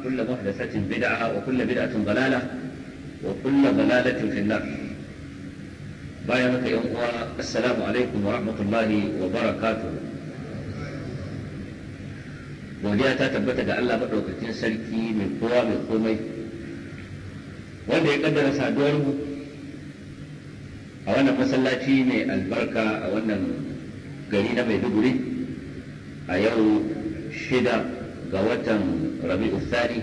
وكل محدثة بدعة وكل بدعة ضلالة وكل ضلالة في النار uwa, يا أخوة السلام عليكم ورحمة الله وبركاته godiya ta tabbata ga Allah maɗaukakin sarki mai kowa mai komai wanda ya kaddara saduwar mu a wannan masallaci mai albarka a wannan gari na maiduguri a yau shida ga watan rabi'u thani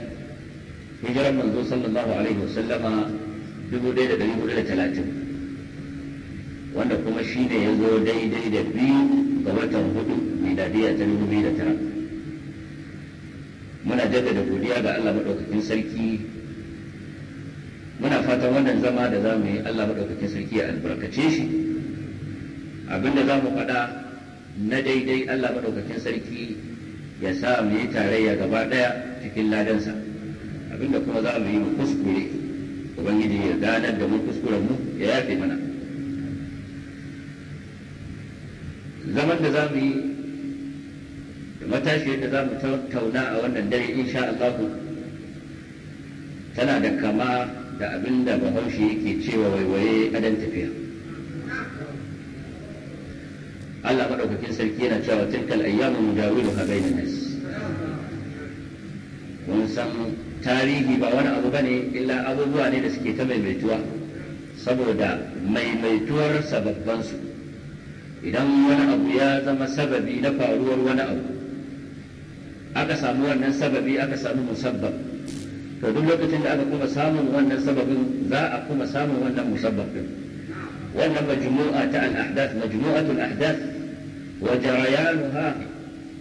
hijiran manzo sallallahu alaihi wasallama 1430 wanda kuma shi ne ya zo daidai da biyu ga watan hudu miladiya ta 2009 muna jaddada godiya ga Allah madaukakin sarki muna fatan wannan zama da za mu yi Allah maɗaukakin sarki ya albarkace shi abinda za mu faɗa na daidai Allah maɗaukakin sarki ya sa mu yi tarayya gaba ɗaya cikin ladansa abinda kuma za mu yi mu kuskure ubangiji ya ganar da mu kuskuren mu ya yafe mana zaman da za mu yi da matashiyar da za mu tauna a wannan dare insha Allah tana da kama da abinda bahaushe yake cewa waiwaye adan tafiya Allah madaukakin sarki yana cewa tilkal ayyamu mudawiluha bainan nas mun san tarihi ba wani abu bane illa abubuwa ne da suke ta maimaituwa saboda maimaituwar sababban su idan wani abu ya zama sababi na faruwar wani abu aka samu wannan sababi aka samu musabbab to duk lokacin da aka kuma samun wannan sababin za a kuma samun wannan musabbab din wannan majmu'a ta al-ahdath majmu'atul ahdath وجريانها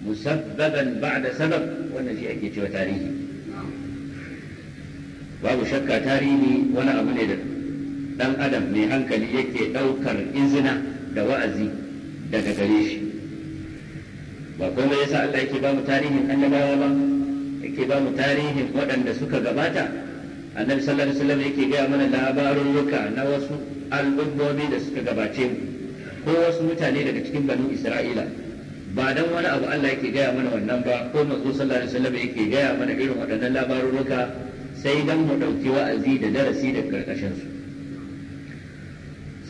مسببا بعد سبب wannan shi ake cewa tarihi babu shakka tarihi wani abu ne da dan adam mai hankali yake ɗaukar izina da wa'azi daga gare shi ba kuma yasa Allah ya ba mu tarihin annabawa ba yake ba mu tarihin waɗanda suka gabata annabi sallallahu alaihi wasallam yake gaya mana labarurruka na wasu al'ummomi da suka gabace mu ko wasu mutane daga cikin banu isra'ila ba dan wani abu Allah yake gaya mana wannan ba ko manzo sallallahu alaihi wasallam yake gaya mana irin waɗannan labaruruka sai dan mu ɗauki wa'azi da darasi daga karkashin su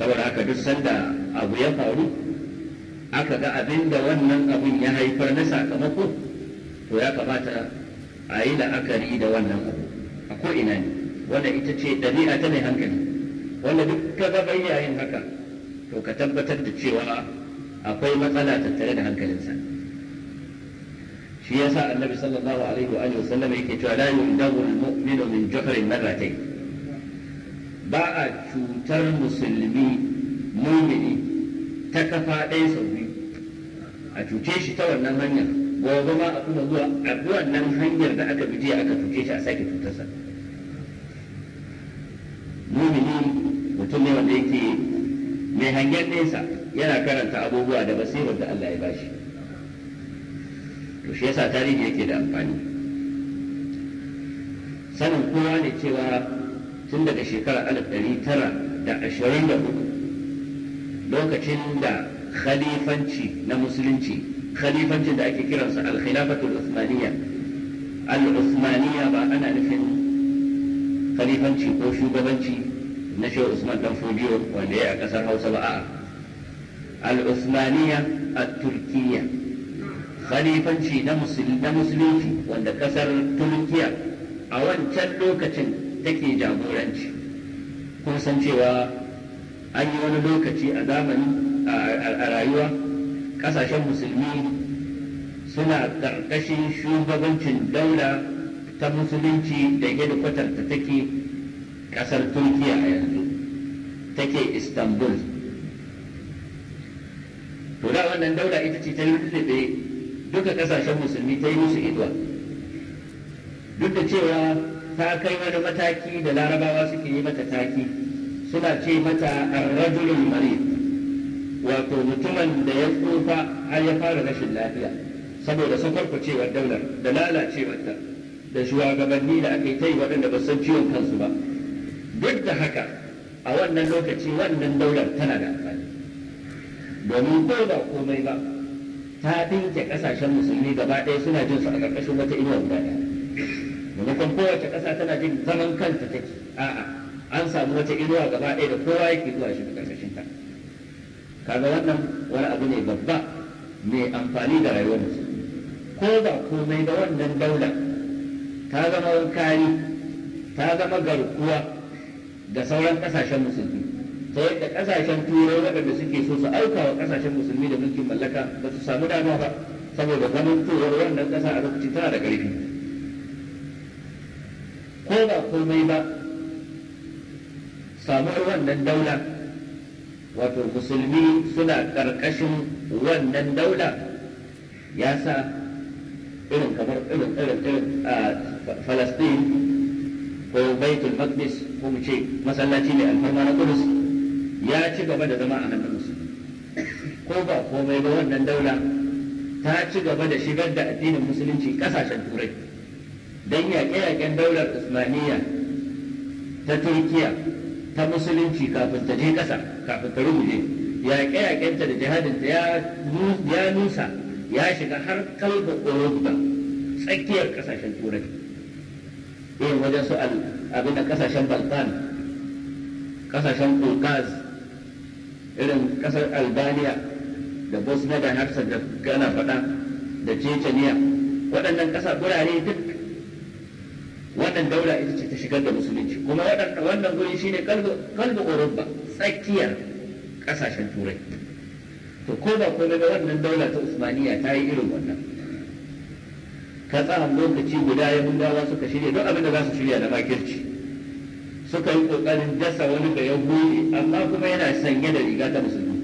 saboda haka duk sanda abu ya faru aka ga abin da wannan abin ya haifar na sakamako to ya kamata a yi la'akari da wannan abu a ina ne wanda ita ce ɗabi'a ta mai hankali wanda duk ka ga bayyayin haka to ka tabbatar da cewa akwai matsala tattare da hankalinsa shi yasa annabi sallallahu alaihi wa yake cewa la yundabu al-mu'minu min marratayn ba a cutar musulmi mumini ta kafa ɗaya sau biyu a cuce shi ta wannan hanyar gobe ma a kuma zuwa a wannan hanyar da aka bije aka cuce shi a sake cutarsa mumini mutum ne wanda yake mai hangen nesa yana karanta abubuwa da basirar da Allah ya bashi to shi yasa tarihi yake da amfani sanin kowa ne cewa tun daga shekarar alif ɗari tara da ashirin da lokacin da khalifanci na musulunci khalifancin da ake kiransa al-khilafatul uthmaniyya al-uthmaniyya ba ana nufin khalifanci ko shugabanci na shi usman dan wanda ya a ƙasar hausa ba a'a al-usmaniya a turkiyya khalifanci na musulunci wanda ƙasar turkiya a wancan lokacin take jagoranci kun san cewa an yi wani lokaci a zamanin a rayuwa Ƙasashen musulmi suna ƙarƙashin shugabancin daula ta musulunci da hedikwatar ta take ƙasar turkiya a yanzu take istanbul to da wannan daula ita ce ta lullube duka ƙasashen musulmi ta yi musu idwa duk da cewa ta kai wani mataki da larabawa suke yi mata taki suna ce mata arrajulul marid wato mutumin da ya tsufa har ya fara rashin lafiya saboda cewar daular da lalacewarta da shugabanni da aka yi ta yi waɗanda ba san ciwon kansu ba duk da haka a wannan lokaci wannan daular tana da amfani domin ko ba komai ba ta dinke kasashen musulmi gaba ɗaya suna jin su a ƙarƙashin wata inuwa guda ɗaya maimakon kowace ƙasa tana jin zaman kanta take a'a an samu wata inuwa gaba ɗaya da kowa yake zuwa shi da ƙarƙashin ta kaga wannan wani abu ne babba mai amfani da rayuwar musulmi ko ba komai ga wannan daular, ta zama kari ta zama garkuwa Da sauran kasashen musulmi ta yadda kasashen turai waɗanda suke so su auka wa kasashen musulmi da mulkin mallaka ba su samu dama ba saboda zaman turai wannan ƙasa a lokacin tana da ƙarfi ko ba komai ba samuwar wannan daula wato musulmi suna ƙarƙashin wannan daula ya sa irin kamar irin irin irin a falastin ko baitul maqdis ko mu ce masallaci mai alfarma na Kudus ya ci gaba da zama a nan Kudus ko ba komai ba wannan daula ta ci gaba da shigar da addinin musulunci kasashen turai don yaƙe-yaƙen daular Usmaniyya ta Turkiya ta musulunci kafin ta je ƙasa kafin ta rubuce yaƙe yaƙen ta da jihadin ta ya nusa ya shiga har kalbar Oroguba tsakiyar ƙasashen turai irin wajen su abin da kasashen balkan kasashen kulkaz irin kasar albania da bosnia da Harsar da gana faɗa da chechnya waɗannan ƙasa gurare duk wannan daula ita ce ta shigar da musulunci kuma wannan guri shine kalbu urubba tsakiyar ƙasashen turai to ko ba komai ba wannan daula ta usmaniya ta yi irin wannan ka tsara lokaci guda ya dawa suka shirya don abin da za su shirya da makirci suka yi kokarin dasa wani da ya amma kuma yana sanye da riga ta musulmi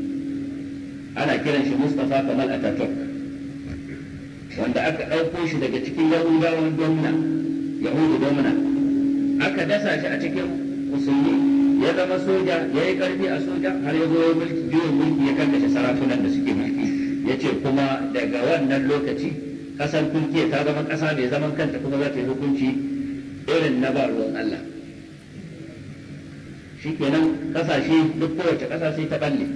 ana kiran shi Mustapha Kamal Ataturk wanda aka ɗauko shi daga cikin Yahudawan Domina Yahudu Domina aka dasa shi a cikin musulmi ya zama soja ya yi ƙarfi a soja har ya zo mulki biyun mulki ya karkashe sarakunan da suke mulki ya ce kuma daga wannan lokaci kasar turkiya ta zama kasa mai zaman kanta kuma za ta yi hukunci irin na ba ruwan allah shi kenan kasashe duk kowace kasa sai ta balle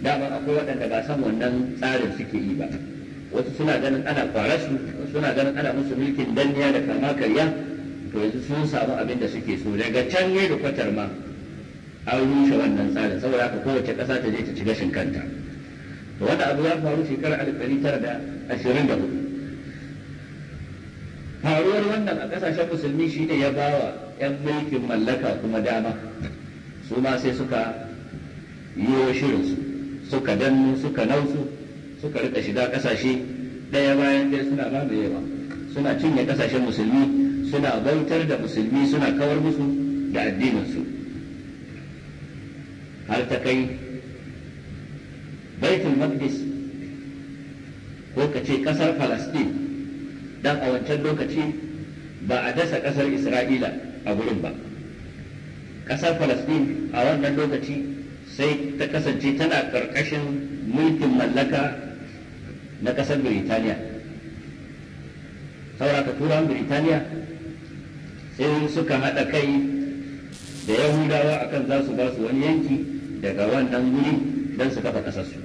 dama akwai waɗanda ba san wannan tsarin suke yi ba wasu suna ganin ana kwara su suna ganin ana musu mulkin danniya da kama karya to yanzu sun samu abin da suke so daga can ne da kwatar ma an rushe wannan tsarin saboda haka kowace kasa ta je ta ci gashin kanta wanda abu ya faru shekarar alif ɗari tara da ashirin da hudu faruwar wannan a kasashen musulmi shi ne ya bawa 'yan mulkin mallaka kuma dama su ma sai suka yi wa shirinsu suka dannu suka nausu suka rika shiga kasashe ɗaya bayan dai suna mamayewa suna cinye kasashen musulmi suna bautar da musulmi suna kawar musu da addininsu har ta kai baitul maqdis ko ka ce ƙasar falastin dan a wancan lokaci ba a dasa ƙasar isra'ila a gurin ba ƙasar falastin a wannan lokaci sai ta kasance tana ƙarƙashin mulkin mallaka na ƙasar birtaniya ta turan birtaniya sai suka haɗa kai da yahudawa akan za su ba su wani yanki daga wannan guri don su kafa ƙasarsu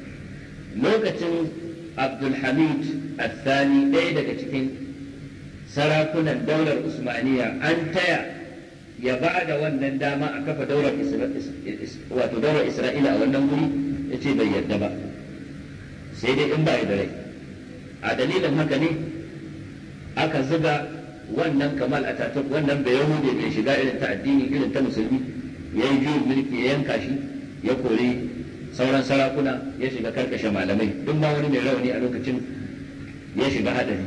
lokacin abdulhamid A sani ɗaya daga cikin sarakunan daular Usmaniyya an taya ya ba da wannan dama a kafa daular wato daular isra'ila a wannan wuri ya ce bai yarda ba sai dai in ba da rai a dalilin haka ne aka zuga wannan kamal a tatuk wannan bai yahude mai shiga irin ta addini irin ta musulmi ya yi juyin mulki ya yanka shi ya kori sauran sarakuna ya shiga karkashe malamai duk ma wani mai rauni a lokacin ya shiga haɗari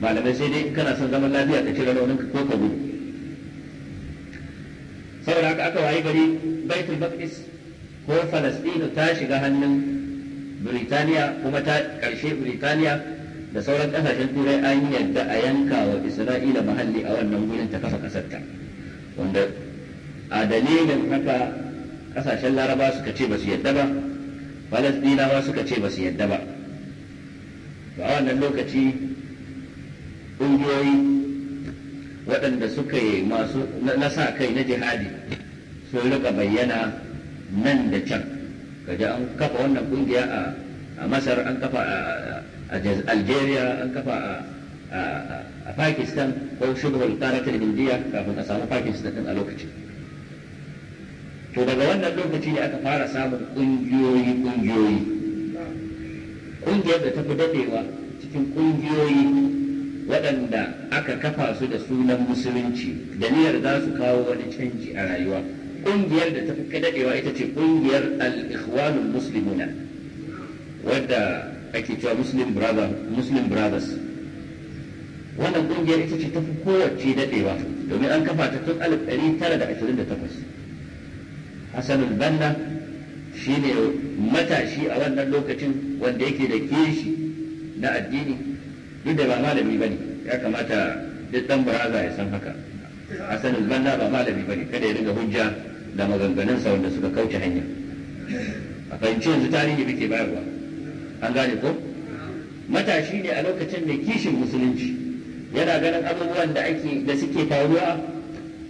malamai sai dai in kana son zaman lafiya ka cire raunin ko ka gudu saboda haka aka wayi gari baitul maqdis ko falastinu ta shiga hannun biritaniya kuma ta ƙarshe biritaniya da sauran ƙasashen turai an yadda a yanka wa isra'ila mahalli a wannan gurin ta kafa ƙasarta wanda a dalilin haka ƙasashen laraba suka ce ba su yadda ba falastinawa suka ce ba su yadda ba ba wannan lokaci ƙungiyoyi waɗanda suka yi masu na sa kai na jihadi sun rika bayyana nan da can kaji an kafa wannan ƙungiya a masar an kafa a algeria an kafa a pakistan ko shugabal karatar indiya kafin a samu pakistan ɗin a lokaci to daga wannan lokaci ne aka fara samun ƙungiyoyi ƙungiyoyi ƙungiyar da ta fi dadewa cikin ƙungiyoyi waɗanda aka kafa su da sunan musulunci da niyyar za su kawo wani canji a rayuwa ƙungiyar da ta fi dadewa ita ce ƙungiyar al-ikhwanul muslimuna wadda ake cewa muslim brother muslim brothers wannan ƙungiyar ita ce ta fi kowace dadewa domin an kafa ta tun 1928 hasanul banna shine matashi a wannan lokacin wanda yake da kishi na addini duk da ba malami bane ya kamata duk dan baraza ya san haka asalin banna ba malami bane kada ya riga hujja da maganganunsa wanda suka kauce hanya a fahimci yanzu tarihi muke bayarwa an gane ko matashi ne a lokacin da kishin musulunci yana ganin abubuwan da ake da suke faruwa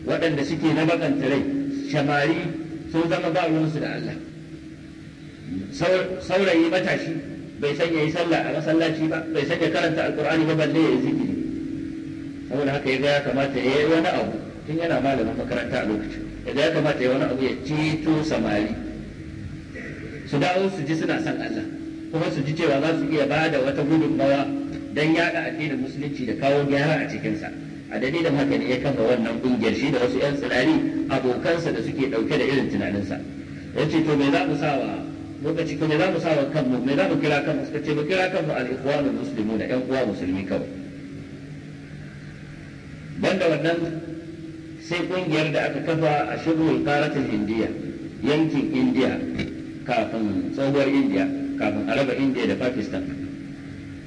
waɗanda suke na bakanta rai shamari sun zama ba ruwansu da Allah saurayi matashi bai san yayi sallah a masallaci ba bai san ya karanta alqur'ani ba balle ya zikiri saboda haka yaga ya kamata ya yi wani abu tun yana malamin makaranta a lokacin yaga ya kamata ya wani abu ya ceto samari su dawo su ji suna son Allah kuma su ji cewa za su iya ba da wata gudunmawa don yada addinin musulunci da kawo gyara a cikinsa a dalilin haka ne ya kafa wannan kungiyar shi da wasu 'yan tsirari abokansa da suke dauke da irin tunaninsa ya ce to me za mu sa wa lokaci kuma za mu sa wa kanmu me za mu kira kanmu suka ce mu kira kanmu al-ikhwanul muslimuna yan uwa musulmi kawai banda wannan sai kungiyar da aka kafa a shirin karatun indiya yankin indiya kafin tsohuwar indiya kafin araba indiya da pakistan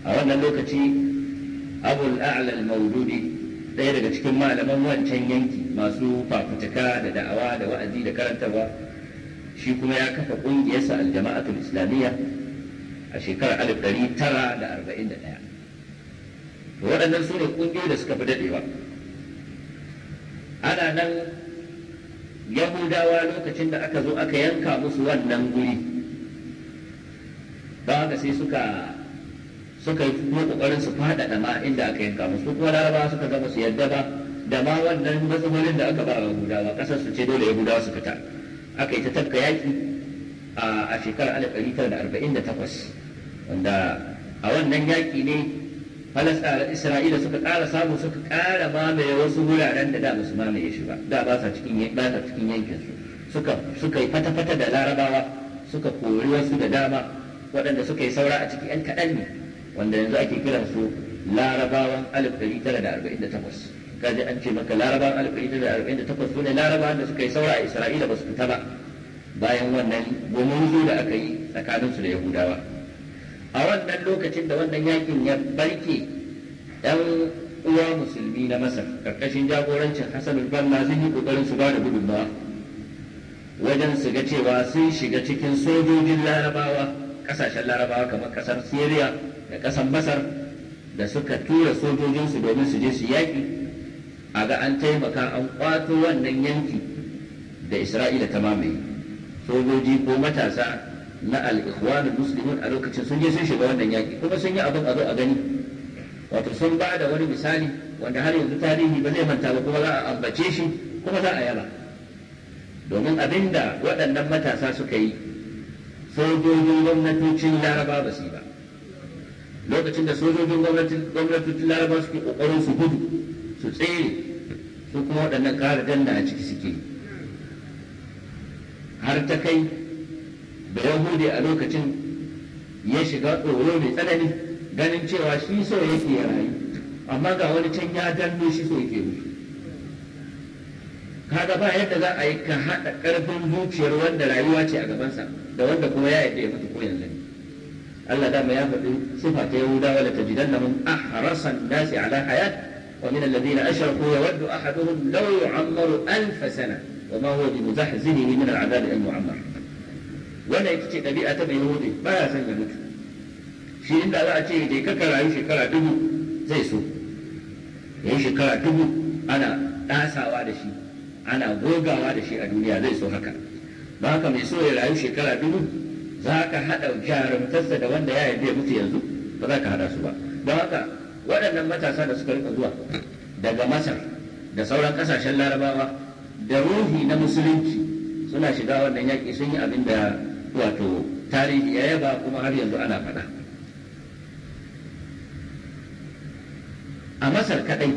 a wannan lokaci abul a'lal maududi ɗaya daga cikin malaman wancan yanki masu fafutuka da da'awa da wa'azi da karantarwa shi kuma ya kafa ƙungiyarsa aljama'atul islamiyya a shekarar 1941 to waɗannan su ne ƙungiyoyi da suka fi daɗewa ana nan yahudawa lokacin da aka zo aka yanka musu wannan guri don haka sai suka suka yi kuma ƙoƙarin su faɗaɗa ma inda aka yanka musu kuma ba suka gama su yadda ba da ma wannan matsalolin da aka ba wa yahudawa ƙasar su ce dole yahudawa su fita aka yi ta tafka yaƙi a shekarar alif ɗari tara da arba'in da takwas wanda a wannan yaƙi ne falasta isra'ila suka ƙara samu suka ƙara mamaye wasu wuraren da da ba su mamaye shi ba da ba sa cikin yankinsu, cikin suka suka yi fata-fata da larabawa suka kori wasu da dama waɗanda suka yi saura a ciki 'yan kaɗan ne wanda yanzu ake kiransu larabawan alif ɗari tara da arba'in da takwas kaji an ce maka laraba alƙari da arba'in da takwas sune laraba da suka yi saura a isra'ila ba su fita ba bayan wannan gumuzu da aka yi tsakaninsu da yahudawa a wannan lokacin da wannan yakin ya barke yan uwa musulmi na masar karkashin jagorancin hassan banna sun yi kokarin su ba da gudunmawa wajen su ga cewa sun shiga cikin sojojin larabawa kasashen larabawa kamar kasar syria da kasar masar da suka tura sojojinsu domin su je su yaki. a ga an taimaka an kwato wannan yanki da isra'ila ta mamaye sojoji ko matasa na al-ikhwan muslimin a lokacin sun je sun shiga wannan yaki kuma sun yi abin a zo a gani wato sun ba da wani misali wanda har yanzu tarihi ba zai manta ba kuma za a ambace shi kuma za a yaba domin da waɗannan matasa suka yi sojojin gwamnatocin laraba ba su yi ba lokacin da sojojin gwamnatocin laraba suke ƙoƙarin su gudu su tsere su kuma waɗannan ƙara danna a ciki suke har ta kai da yahudi a lokacin ya shiga tsoro mai tsanani ganin cewa shi so yake ya rayu amma ga wani can ya danno shi so yake mutu kaga ba yadda za a yi ka haɗa ƙarfin zuciyar wanda rayuwa ce a gabansa da wanda kuma ya yadda ya mutu ko yanzu ne Allah dama ya faɗi sifa ta Yahudawa namun a ahrasan nasi ala hayat ومن الذين أشركوا يود أحدهم لو يعمر ألف سنة وما هو بمزحزحه من العذاب أن يعمر wanda ita ce ɗabi'a ta bai yahudi ba ya son ya mutu shi inda za a ce da ka shekara dubu zai so ya yi shekara dubu ana ɗasawa da shi ana gogawa da shi a duniya zai so haka ba haka mai so ya rayu shekara dubu za ka haɗa jarumtarsa da wanda ya yi mutu yanzu ba za ka haɗa su ba waɗannan matasa da suka rika zuwa daga masar da sauran ƙasashen larabawa da ruhi na musulunci suna shiga wannan yaƙi sun yi abin da wato tarihi ya yaba kuma har yanzu ana faɗa a masar kaɗai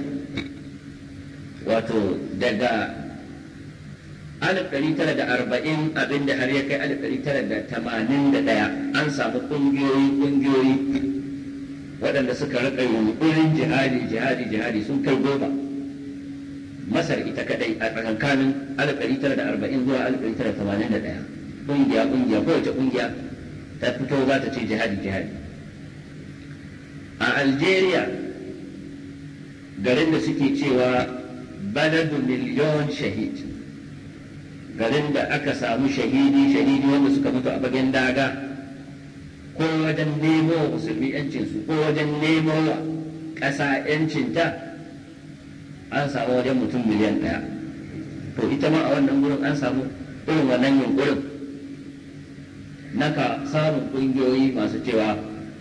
wato daga 1940 abin da har ya kai 1981 an samu ƙungiyoyi ƙungiyoyi waɗanda suka rika yunƙurin jihadi jihadi jihadi sun kai goma masar ita kadai a tsakankanin arba'in zuwa tamanin da ɗaya. ƙungiya ƙungiya kowace ƙungiya ta fito za ta ce jihadi jihadi a algeria garin da suke cewa baladu miliyon shahid garin da aka samu shahidi shahidi wanda suka mutu a bagen daga ko wajen nemo musulmi musulmi yancinsu ko wajen nemo kasa ƙasa yancinta an samu wajen mutum miliyan ɗaya to ita ma a wannan gurin an samu irin wannan yunkurin na ka samun ƙungiyoyi masu cewa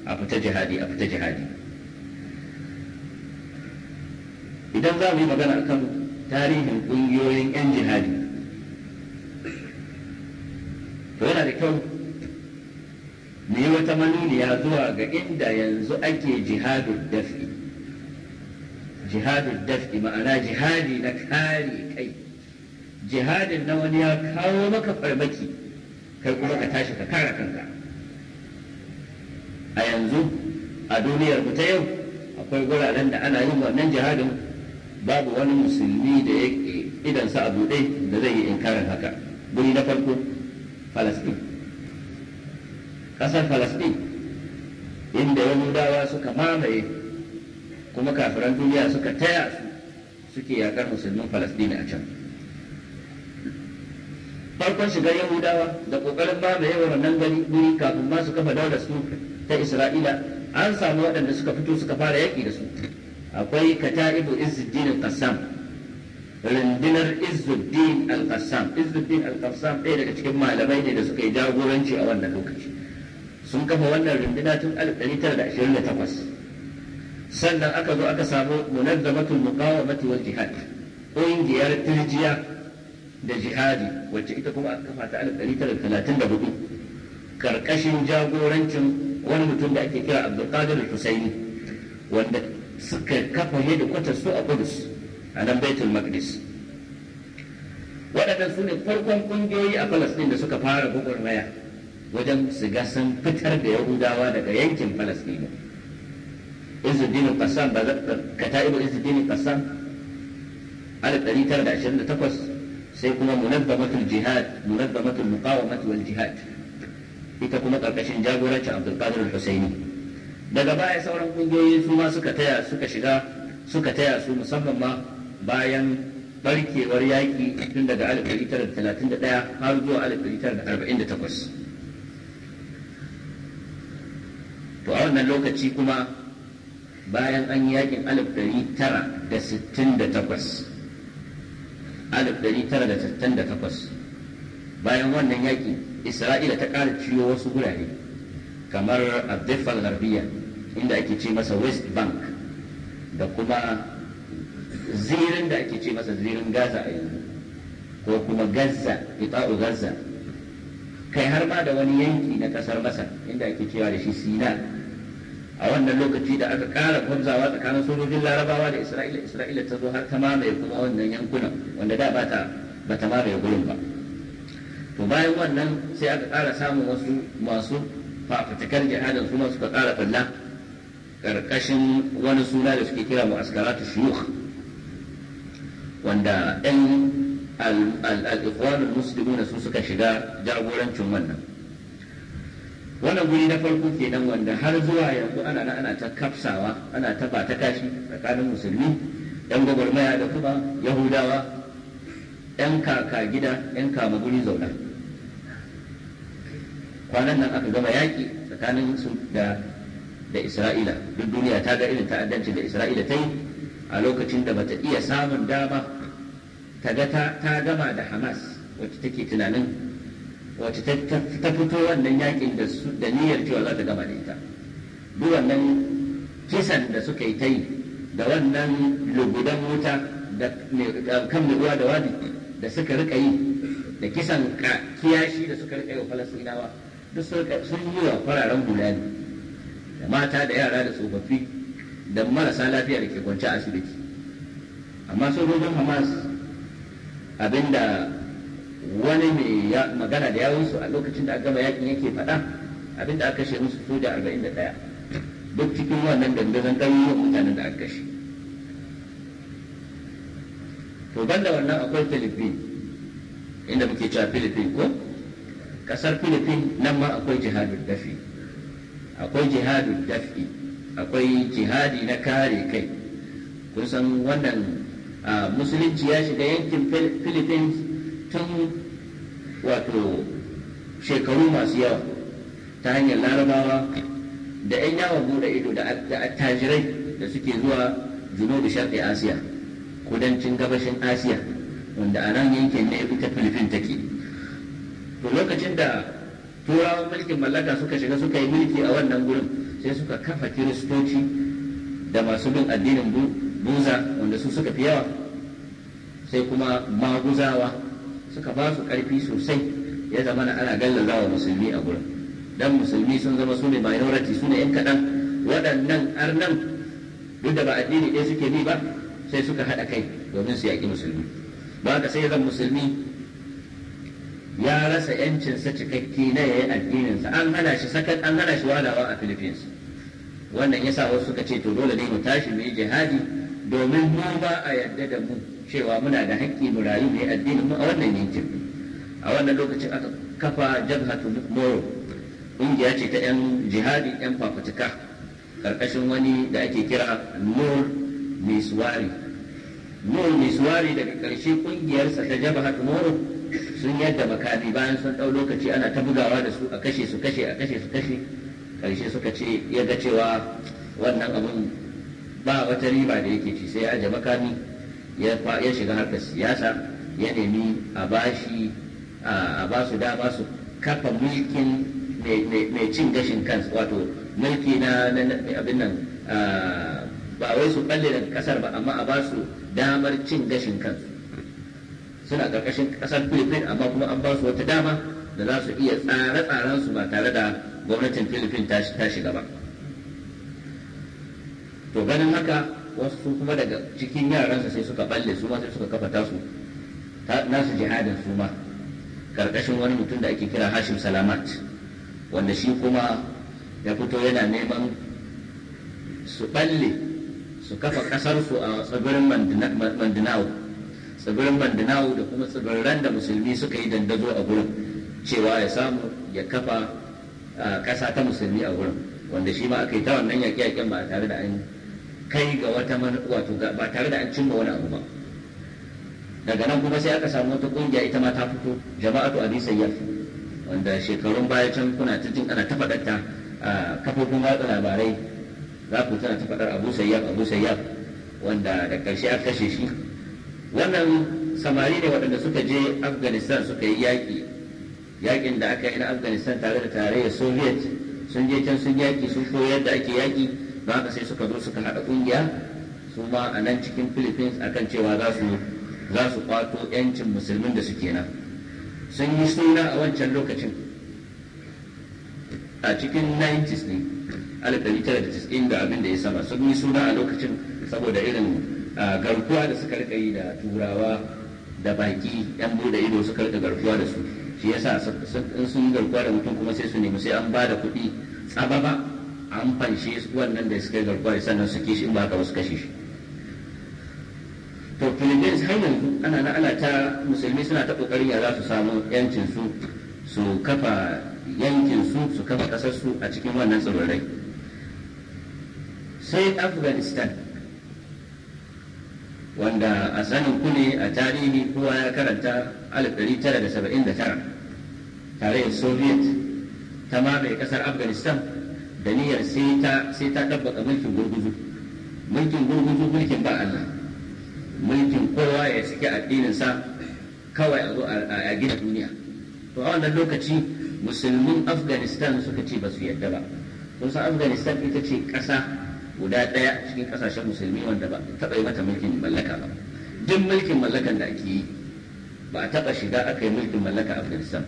a fita jihadi a fita jihadi idan za mu yi magana kan tarihin ƙungiyoyin 'yan jihadi to yana da kyau mu wata manuniya zuwa ga inda yanzu ake jihadun dafi jihadun dafi ma'ana jihadi na kare kai jihadin na wani ya kawo maka farmaki kai kuma ka tashi ka kare kanka a yanzu a duniyar ta yau akwai guraren da ana yin wannan jihadin babu wani musulmi da ya idansa a buɗe da zai yi inkarin haka guri na farko falastin ƙasar falasɗin inda yahudawa suka mamaye kuma kafiran duniya suka taya su suke yakar musulmin falasɗin a can farkon shigar yahudawa da ƙoƙarin mamaye wa wannan gari wuri kafin ma su kafa daular su ta isra'ila an samu waɗanda suka fito suka fara yaƙi da su akwai kata'ibu izzuddin qassam rundunar izzuddin al-qassam izzuddin al-qassam ɗaya daga cikin malamai ne da suka yi jagoranci a wannan lokaci sun kafa wannan rundina tun 1928 sannan aka zo aka samu munazzamatul muqawamati wal jihad ƙungiyar turjiya da jihadi wacce ita kuma aka kafa ta 1934 karkashin jagorancin wani mutum da ake kira Abdulkadir Husaini wanda suka kafa hedikwatar su a Kudus a nan Baitul Maqdis waɗannan su ne farkon ƙungiyoyi a Falasɗin da suka fara gwagwarmaya wajen su ga sun fitar da yahudawa daga yankin falasɗinu izuddin kasan ba ka ta kata'ibu izuddin qassam alif ɗari tara da ashirin da takwas sai kuma munabbamatul jihad munabbamatul muqawamat wal jihad ita kuma ƙarƙashin jagorancin abdulkadir al-husaini daga baya sauran ƙungiyoyi su ma suka taya suka shiga suka taya su musamman ma bayan barkewar yaƙi tun daga 1931 har zuwa 1948 to a wannan lokaci kuma bayan an yi yakin alif ɗari tara da sittin da takwas alif ɗari tara da sittin da takwas bayan wannan yaki isra'ila ta ƙara ciyo wasu gurare kamar abdifal garbiya inda ake ce masa west bank da kuma zirin da ake ce masa zirin gaza a yanzu ko kuma gaza ita'u gaza kai har ma da wani yanki na ƙasar masar inda ake cewa da shi Sinai. a wannan lokaci da aka ƙara gwamzawa tsakanin sojojin larabawa da isra'ila isra'ila ta zo har ta mamaye kuma wannan yankunan wanda da bata mara mamaye gurin ba to bayan wannan sai aka ƙara samun wasu masu fafutukar jihadin su ma suka ƙara balla ƙarƙashin wani suna da suke kira mu'askaratu shuyukh wanda 'yan al-ikhwanul muslimuna su suka shiga jagorancin wannan wannan guri na farko kenan wanda har zuwa yanzu ana nan ana ta kafsawa ana ta ba ta kashi tsakanin musulmi yan gwagwarmaya da kuma yahudawa yan kaka gida yan kama guri zauna kwanan nan aka gama yaƙi tsakanin su da isra'ila duk duniya ta ga irin ta'addanci da isra'ila ta yi a lokacin da bata iya samun dama ta ga ta gama da hamas wacce take tunanin Wace ta fito wannan yakin da su da niyyar cewa za ta gama da ita duk wannan kisan da suka yi ta yi da wannan lugudan wuta da kan ruwa da wani da suka rika yi da kisan kiyashi da suka rika yi wa falasinawa duk sun yi wa fararen bulani da mata da yara da tsofaffi da marasa lafiya da ke kwance asibiti amma sojojin hamas abinda wani mai magana da su a lokacin da aka gama yakin yake faɗa abinda aka kashe musu soja arba'in da ɗaya duk cikin wannan dandazon ɗaruruwan mutanen da aka kashe to banda wannan akwai filifin inda muke cewa filifin ko kasar filifin nan ma akwai jihadin dafi akwai jihadin dafi akwai jihadi na kare kai kun san wannan ah, musulunci ya shiga yankin philippines wato shekaru masu yawa ta hanyar larabawa da 'yan yawon bude ido da attajirai da suke zuwa da shafi asiya kudancin gabashin asiya wanda a nan yankin na ta filifin take to lokacin da turawan mulkin mallaka suka shiga suka yi mulki a wannan gurin sai suka kafa kiristoci da masu bin addinin buza wanda su suka fi yawa sai kuma maguzawa suka ba su ƙarfi sosai ya zama na ana gallaza wa musulmi a gurin dan musulmi sun zama su ne minority su ne 'yan kaɗan waɗannan arnan duk da ba addini ɗaya suke bi ba sai suka haɗa kai domin su yaƙi musulmi ba ka sai zan musulmi ya rasa yancinsa cikakke na ya yi addininsa an hana shi sakat an hana shi walawa a Philippines wannan ya sa wasu suka ce to dole ne mu tashi mu yi jihadi domin mu ba a yadda da mu cewa muna da haƙƙi mu rayu ne addinin mu a wannan yankin a wannan lokacin aka kafa jabhatu moro ƙungiya ce ta 'yan jihadi 'yan fafutuka ƙarƙashin wani da ake kira nur miswari nur miswari daga ƙarshe ƙungiyarsa ta jabhatu moro sun yadda makami bayan sun ɗau lokaci ana ta bugawa da su a kashe su kashe a kashe su kashe ƙarshe suka ce ya ga cewa wannan abun ba wata riba da yake ci sai ya aje makami ya shiga harkar siyasa ya nemi a bashi a ba su ba su kafa mulkin mai cin gashin kansu wato mulki na abin nan ba wai su balle daga kasar ba amma a ba su damar cin gashin kansu suna ƙarƙashin ƙasar filifin amma kuma an ba su wata dama da za su iya tsare-tsaren su ba tare da gwamnatin filifin ta shiga ba to ganin haka wasu su kuma daga cikin yaransa sai suka balle su ma sai suka kafa tasu nasu jihadin su ma karkashin wani mutum da ake kira hashim salamat wanda shi kuma ya fito yana neman su balle su kafa su a tsibirin mandinawo tsibirin mandinawo da kuma tsibirin da musulmi suka yi dandazo a gurin cewa ya samu ya kafa ƙasa ta musulmi a gurin wanda shi ma aka yi ta wannan yaƙe-yaƙen ba tare da an kai ga wata wato ba tare da an cimma wani abu ba daga nan kuma sai aka samu wata kungiya ita ma ta fito jama'atu abi sayyaf wanda shekarun baya can kuna ta jin ana ta ta a kafofin watsa labarai za ku tana ta faɗar abu sayyaf abu sayyaf wanda da ƙarshe aka kashe shi wannan samari ne waɗanda suka je afghanistan suka yi yaƙi yaƙin da aka yi na afghanistan tare da tarayyar soviet sun je can sun yaƙi sun koyar da ake yaƙi za ka sai suka zo suka haɗa ƙungiya su ma a nan cikin philippines akan cewa za su za su kwato 'yancin musulmin da suke nan sun yi suna a wancan lokacin a cikin 90s ne 1990 da da abin da ya sama sun yi suna a lokacin saboda irin garkuwa da suka rika yi da turawa da baki 'yan bude ido suka rika garkuwa da su shi yasa in sun yi garkuwa da mutum kuma sai su nemi sai an ba da kuɗi tsababa an fanshe wannan da suka yi garkuwa sannan su kishi in ba ka wasu shi to philippines har yanzu ana na ana ta musulmi suna ta kokarin ya za su samu yancin su su kafa yankin su su kafa kasar su a cikin wannan tsibirai sai afghanistan wanda a sanin ku a tarihi kowa ya karanta 1979 tare da soviet ta mamaye kasar afghanistan da niyyar sai ta sai ta mulkin gurguzu mulkin gurguzu mulkin ba Allah mulkin kowa ya cike addinin sa kawai a zo a gina duniya to a wannan lokaci musulmin afghanistan suka ce ba su yadda ba kun san afghanistan ita ce ƙasa guda ɗaya cikin ƙasashen musulmi wanda ba taɓa yi mata mulkin mallaka ba duk mulkin mallakan da ake yi ba a taɓa shiga aka yi mulkin mallaka afghanistan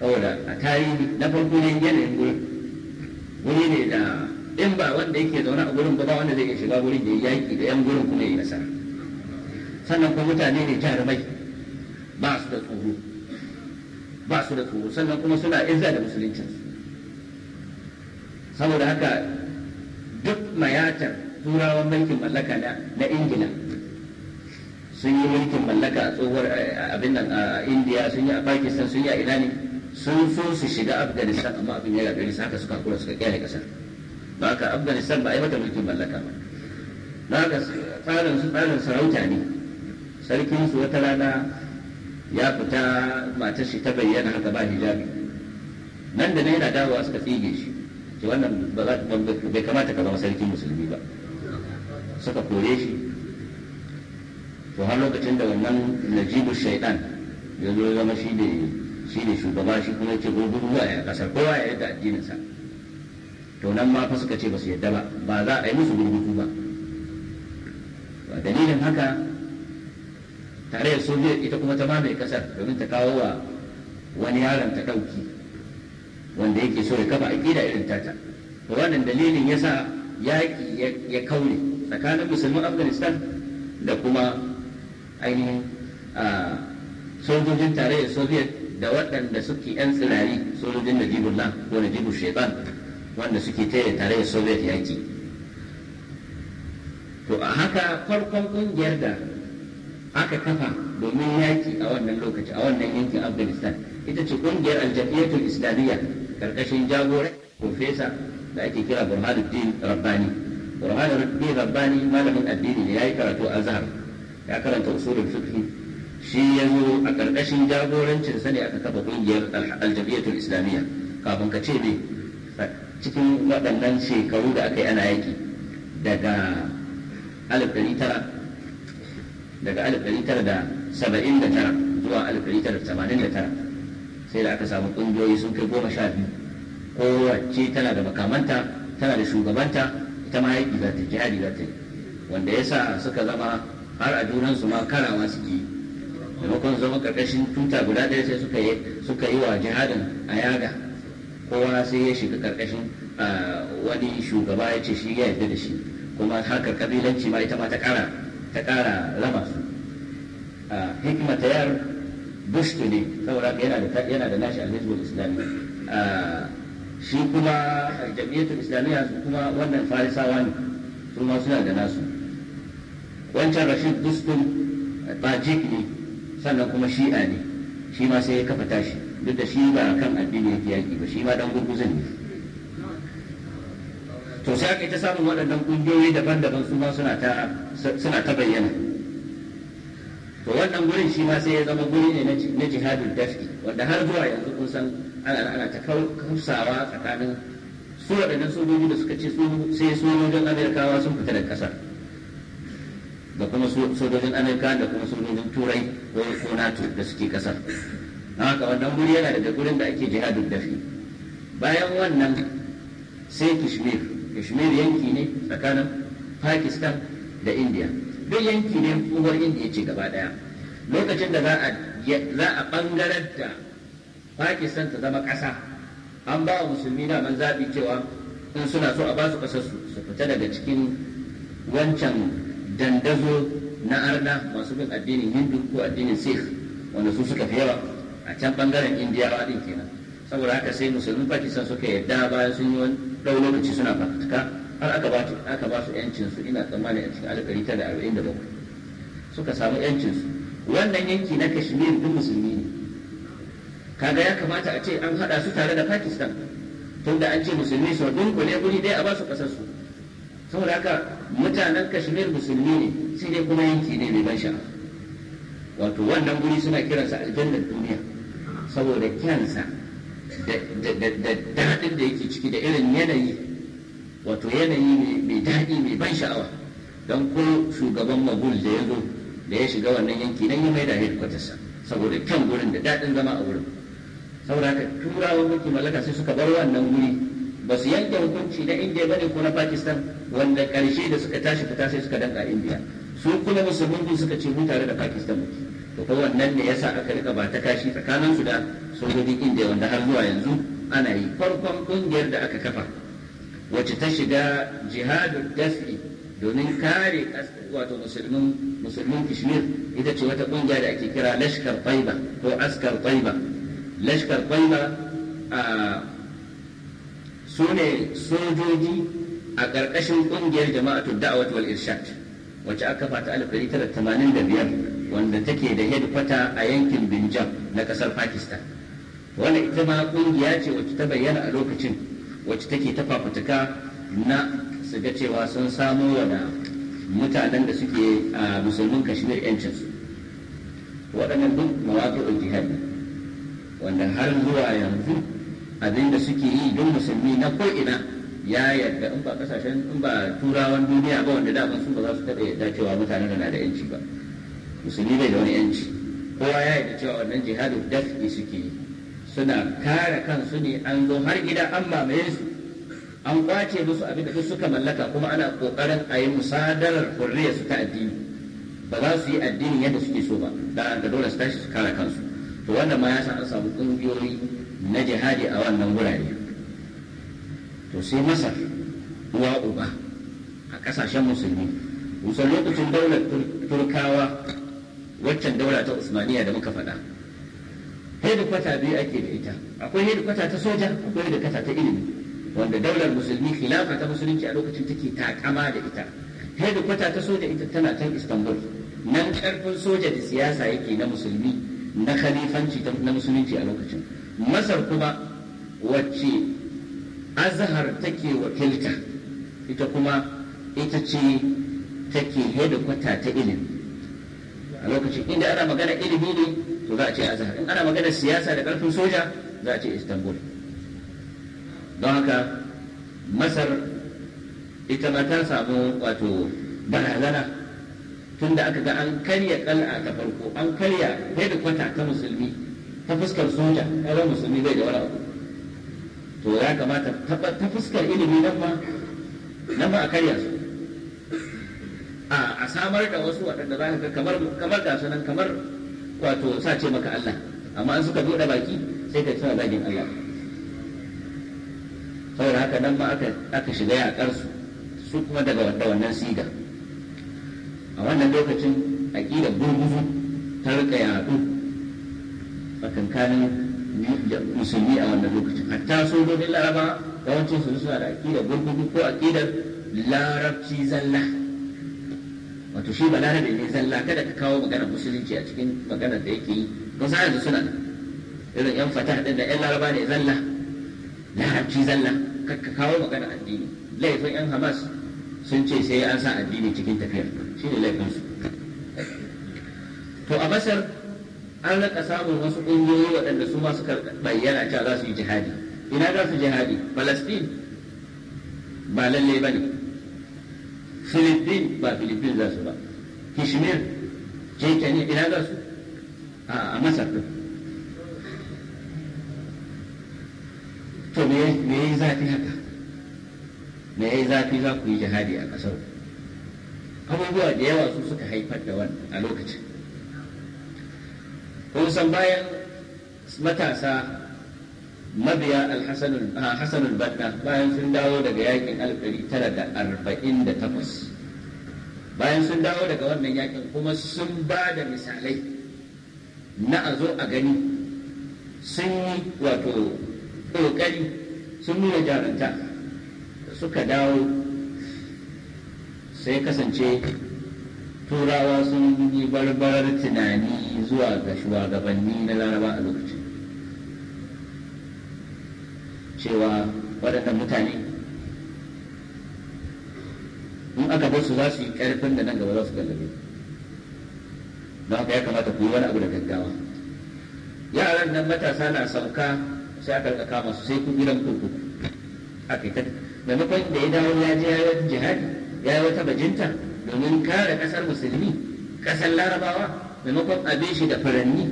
saboda a tarihi na farko ne yanayin gurin wuri ne da in ba wanda yake zaune a gurin ba ba wanda zai iya shiga gurin ya yi yaƙi da 'yan gurin kuma ya nasara sannan kuma mutane ne jarumai ba su da tsoro ba su da tsoro sannan kuma suna izza da musuluncin saboda haka duk mayatar turawan mulkin mallaka na ingila sun yi mulkin mallaka a tsohuwar abin nan a indiya sun yi a pakistan sun yi a ina ne sun so su shiga afghanistan amma abin ya gagari haka suka kura suka kyale kasa ba ka afghanistan ba a yi mata mulkin mallaka ba ba ga tsarin su tsarin sarauta ne sarkin su wata rana ya fita matar shi ta bayyana haka ba hijabi nan da nan yana dawowa suka tsige shi to wannan bai kamata ka zama sarkin musulmi ba suka kore shi to har lokacin da wannan najibu shaidan ya zo zama shi ne shi ne shugaba shi kuma yake gurguru zuwa a kasar kowa ya yadda addininsa to nan ma fa suka ce ba su yadda ba ba za a yi musu gurgutu ba dalilin haka tarayyar soviet ita kuma ta mamaye kasar domin ta kawo wa wani yaron ta ɗauki wanda yake so ya kafa aƙida irin tata to wannan dalilin yasa yaƙi ya kaure tsakanin musulman afghanistan da kuma ainihin ah, sojojin tarayyar soviet da waɗanda suke 'yan tsirari sojojin najibullah ko Jibu shaitan wanda suke tare tare da soviet yaki to a haka farkon ƙungiyar da aka kafa domin yaki a wannan lokaci a wannan yankin afghanistan ita ce ƙungiyar aljamiyatul islamiyya karkashin jagora profesa da ake kira burhanuddin rabbani burhanuddin rabbani malamin addini ne ya yi karatu a zahar ya karanta usulul fiqh shi ya zo a ƙarƙashin jagorancin sani aka kafa ƙungiyar aljamiyatul islamiyya kafin ka ce ne cikin waɗannan shekaru da aka yi ana yaki daga alif zuwa alif sai da aka samu ƙungiyoyi sun kai goma sha biyu kowace tana da makamanta tana da shugabanta ita ma yaƙi za ta jihadi za ta yi wanda ya sa suka zama har a junansu ma karawa suke yi maimakon zama karkashin tuta guda ɗaya sai suka yi suka yi wa jihadin a yaga kowa sai ya shiga karkashin wani shugaba ya ce shi ya yarda da shi kuma haka kabilanci ma ita ma ta ƙara ta kara raba su hikima ta yar bushtu ne saboda yana da yana da nashi alhizbul islami shi kuma jam'iyyatul islamiyya su kuma wannan farisawa ne su ma suna da nasu wancan rashid ba tajik ne sannan kuma shi'a ne shi ma sai ya kafa tashi duk da shi ba kan addini yake yaki ba shi ma dan gurguzan ne to sai aka ta samun waɗannan ƙungiyoyi daban-daban su ma suna ta bayyana to wannan gurin shi ma sai ya zama guri ne na jihadin dafi wanda har zuwa yanzu kun san ana ana ta kausawa tsakanin su waɗannan sojoji da suka ce su sai sojojin amerikawa sun fita da ƙasar da kuma sojojin amerika da kuma sojojin turai ko nato da suke kasar haka wannan wuri yana daga gurin da ake jihadin dafi bayan wannan sai kishmir kishmir yanki ne tsakanin pakistan da india duk yanki ne uwar India ce gaba daya lokacin da za a bangarar da pakistan ta zama kasa an ba wa musulmi man zaɓi cewa in suna so a ba su kasar su fita daga cikin wancan dandazo na arna masu bin addinin hindu ko addinin sikh wanda su suka fi yawa a can bangaren a din kenan saboda haka sai musulmin pakistan suka yadda bayan sun yi wani ɗau lokaci suna fafutuka har aka ba su aka yancin su ina tsammani a cikin alif ta da arba'in da bakwai suka samu yancin su wannan yanki na kashmir duk musulmi ne kaga ya kamata a ce an haɗa su tare da pakistan tunda an ce musulmi su dunkule guri dai a ba su ƙasar su saboda haka mutanen kashmir musulmi ne sai dai kuma yanki ne mai ban sha'a wato wannan guri suna kiransa aljannar duniya saboda kyansa da daɗin da yake ciki da irin yanayi wato yanayi mai daɗi mai ban sha'awa don ko shugaban magul da ya zo da ya shiga wannan yanki nan ya mai da headquartersa saboda kyan gurin da daɗin zama a wurin saboda haka turawan mulki mallaka sai suka bar wannan guri ba su yanke hukunci na indiya bane ko na pakistan wanda karshe da suka tashi fita sai suka danka indiya su kuma musulmi suka ce mu tare da pakistan mu. to fa wannan ne yasa aka rika ba ta kashi tsakanin su da sojojin indiya wanda har zuwa yanzu ana yi farkon kungiyar da aka kafa wacce ta shiga jihadul dafi domin kare wato musulmin musulmin kishmir ita ce wata kungiya da ake kira lashkar taiba ko askar taiba lashkar taiba a ah, su ne sojoji a ƙarƙashin ƙungiyar jama'atu da'awat wal irshad wacce aka fata alif tara tamanin da biyar wanda take da hedkwata a yankin Binjam na ƙasar Pakistan. Wanda ita ma ƙungiya ce wacce ta bayyana a lokacin wacce take ta fafutuka na su ga cewa sun samo wa da mutanen da suke a musulmin kashmir yancinsu waɗannan duk mawaƙi jihad ne wanda har zuwa yanzu abin da suke yi don musulmi na ko'ina ya yarda in ba kasashen in ba turawan duniya ba wanda da sun ba za su taɓa yarda cewa mutanen na da yanci ba musulmi bai da wani yanci kowa ya yarda cewa wannan jihadin dafi suke yi suna kare kansu ne an zo har gida an mamaye su an kwace musu abin da duk suka mallaka kuma ana kokarin a yi musadarar hurriyar su ta addini ba za su yi addini yadda suke so ba da an dole su tashi su kare kansu to wannan ma ya sa an samu ƙungiyoyi na jihadi a wannan wurare to sai masar uwa uba a kasashen musulmi musan lokacin daular turkawa waccan daula ta usmaniya da muka faɗa hedikwata biyu ake da ita akwai hedikwata ta soja akwai hedikwata ta ilimi wanda daular musulmi khilafa ta musulunci a lokacin take takama da ita hedikwata ta soja ita tana can istanbul nan karfin soja da siyasa yake na musulmi na khalifanci na musulunci a lokacin masar kuma wacce azhar take wakilta ita kuma ita ce take hedikwata ta ilimi a lokacin inda ana magana ilimi ne to za a ce azhar in ana magana siyasa da karfin soja za a ce istanbul don haka masar ita ma ta samu wato barazana tun da aka ga an karya kal'a ta farko an karya hedikwata ta musulmi ta fuskar soja ƙarar musulmi zai ga wani abu to ya kamata ta fuskar ilimi nan ma nan ma a karya su a samar da wasu waɗanda za ka kamar kamar gasu nan kamar wato sa ce maka Allah amma an suka buɗe baki sai ka tsaya zagin Allah saboda haka nan ma aka shiga yaƙar su su kuma daga wanda wannan siga a wannan lokacin aƙidar gurguzu ta rika yaɗu A kankanin musulmi a wannan lokacin hatta sojojin laraba yawancin su suna da aƙidar gurgudu ko akidar larabci zalla wato shi balarabe ne zalla kada ka kawo maganar musulunci a cikin maganar da yake yi ko sa yanzu suna irin yan fatah din da yan laraba ne zalla larabci zalla ka kawo maganar addini laifin yan hamas sun ce sai an sa addini cikin tafiyar shi ne laifinsu to a masar an raka samun wasu ƙungiyoyi waɗanda su ma suka bayyana cewa za su yi jihadi ina za su jihadi palestine ba lalle ba ne filipin ba filipin za su ba kishmir keke ne ina za su a masar ɗin to me ya yi zafi haka me ya yi zafi za ku yi jihadi a ƙasar abubuwa da yawa su suka haifar da wani a lokacin kun san bayan matasa mabiya al-hasan al ah, bayan sun dawo daga yakin takwas, bayan sun dawo daga wannan yakin kuma sun ba da misalai na a zo a gani sun yi wato ƙoƙari sun nuna jaranta suka dawo sai kasance turawa sun yi barbarar tunani zuwa ga shugabanni na laraba a lokacin cewa waɗannan mutane in aka bar su za su yi ƙarfin da nan gaba za su gallabe don haka ya kamata ku yi wani abu da gaggawa yaran nan matasa na sauka sai aka rika kama su sai ku gidan koko. a kai maimakon da ya dawo ya je yayin jihadi ya yi wata bajinta domin kare kasar musulmi kasar larabawa maimakon abin shi da furanni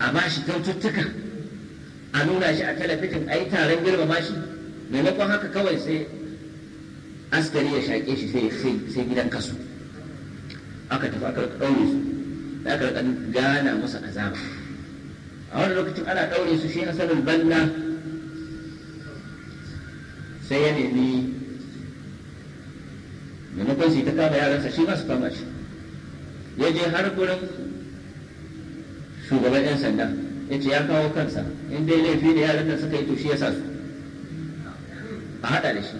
a ba shi kyaututtuka a nuna shi a talabijin a yi taron girmama shi maimakon haka kawai sai askari ya shaƙe shi sai gidan kasu aka tafi aka ɗaure su da aka rika gana musu azaba a wani lokacin ana ɗaure su shi hasanul banna sai ya nemi maimakon su ta kama yaransa shi ba su kama shi ya je har gurin shugaban 'yan sanda ya ce ya kawo kansa in dai laifi da yaran nan suka yi to shi ya sa su a haɗa da shi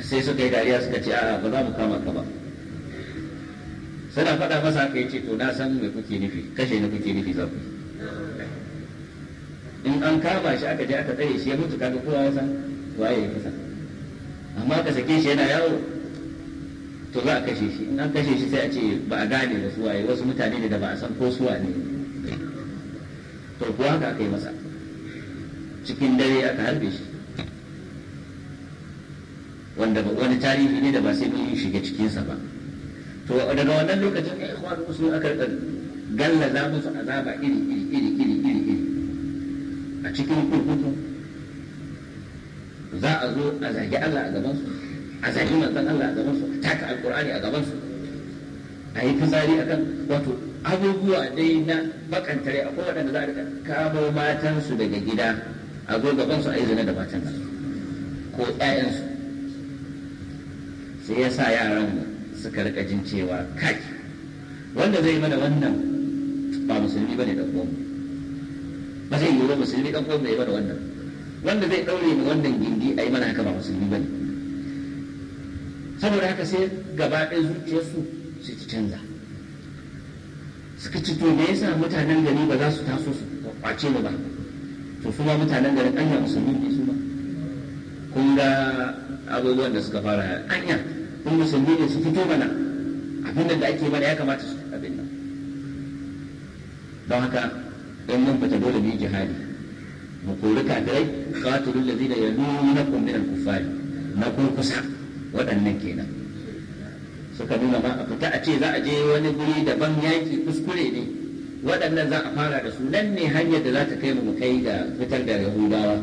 sai suka yi dariya suka ce a'a ba za mu kama ka ba suna faɗa masa haka ya ce to na san me kuke nufi kashe na kuke nufi za ku in an kama shi aka je aka tsaye shi ya mutu kaga kowa ya san waye ya kasa amma ka sake shi yana yawo to za a kashe shi in an kashe shi sai a ce ba a gane da suwaye wasu mutane ne da ba a san ko suwa ne to kuwa haka aka yi masa cikin dare aka harbe shi wanda wani tarihi ne da ba sai mun shiga cikinsa ba to daga wannan lokacin ya ikhwan musulmi aka rika gallaza musu azaba iri iri iri iri iri iri a cikin kurkuku za a zo a zagi Allah a gaban su a zagi manzon Allah a gaban su a taka alkur'ani a gaban su a yi fitsari akan wato abubuwa dai na bakantare akwai waɗanda za a rika kamo matansu daga gida a zo gaban su a yi zina da matan ko ƴaƴansu sai ya sa yaran suka rika jin cewa kai wanda zai mana wannan ba musulmi bane dan uwanmu ba zai yi wa musulmi dan uwanmu ya mana wannan wanda zai daure ni wannan gindi a yi mana haka ba musulmi bane saboda haka sai gaba ɗaya zuciyarsu su ci canza suka ci to me yasa mutanen gari ba za su taso su kwace ni ba to su ma mutanen garin anya musulmi ne su ba kun ga abubuwan da suka fara anya kun musulmi ne su fito mana abin da ake mana ya kamata su abin nan don haka in mun fita dole mu yi jihadi mu kori kafirai qatilul ladina yalunakum min al-kuffari na kusa. waɗannan kenan suka nuna ba a fita a ce za a je wani guri daban yaƙi kuskure ne waɗannan za a fara da su nan ne hanyar da za ta kai mu kai ga fitar da yahudawa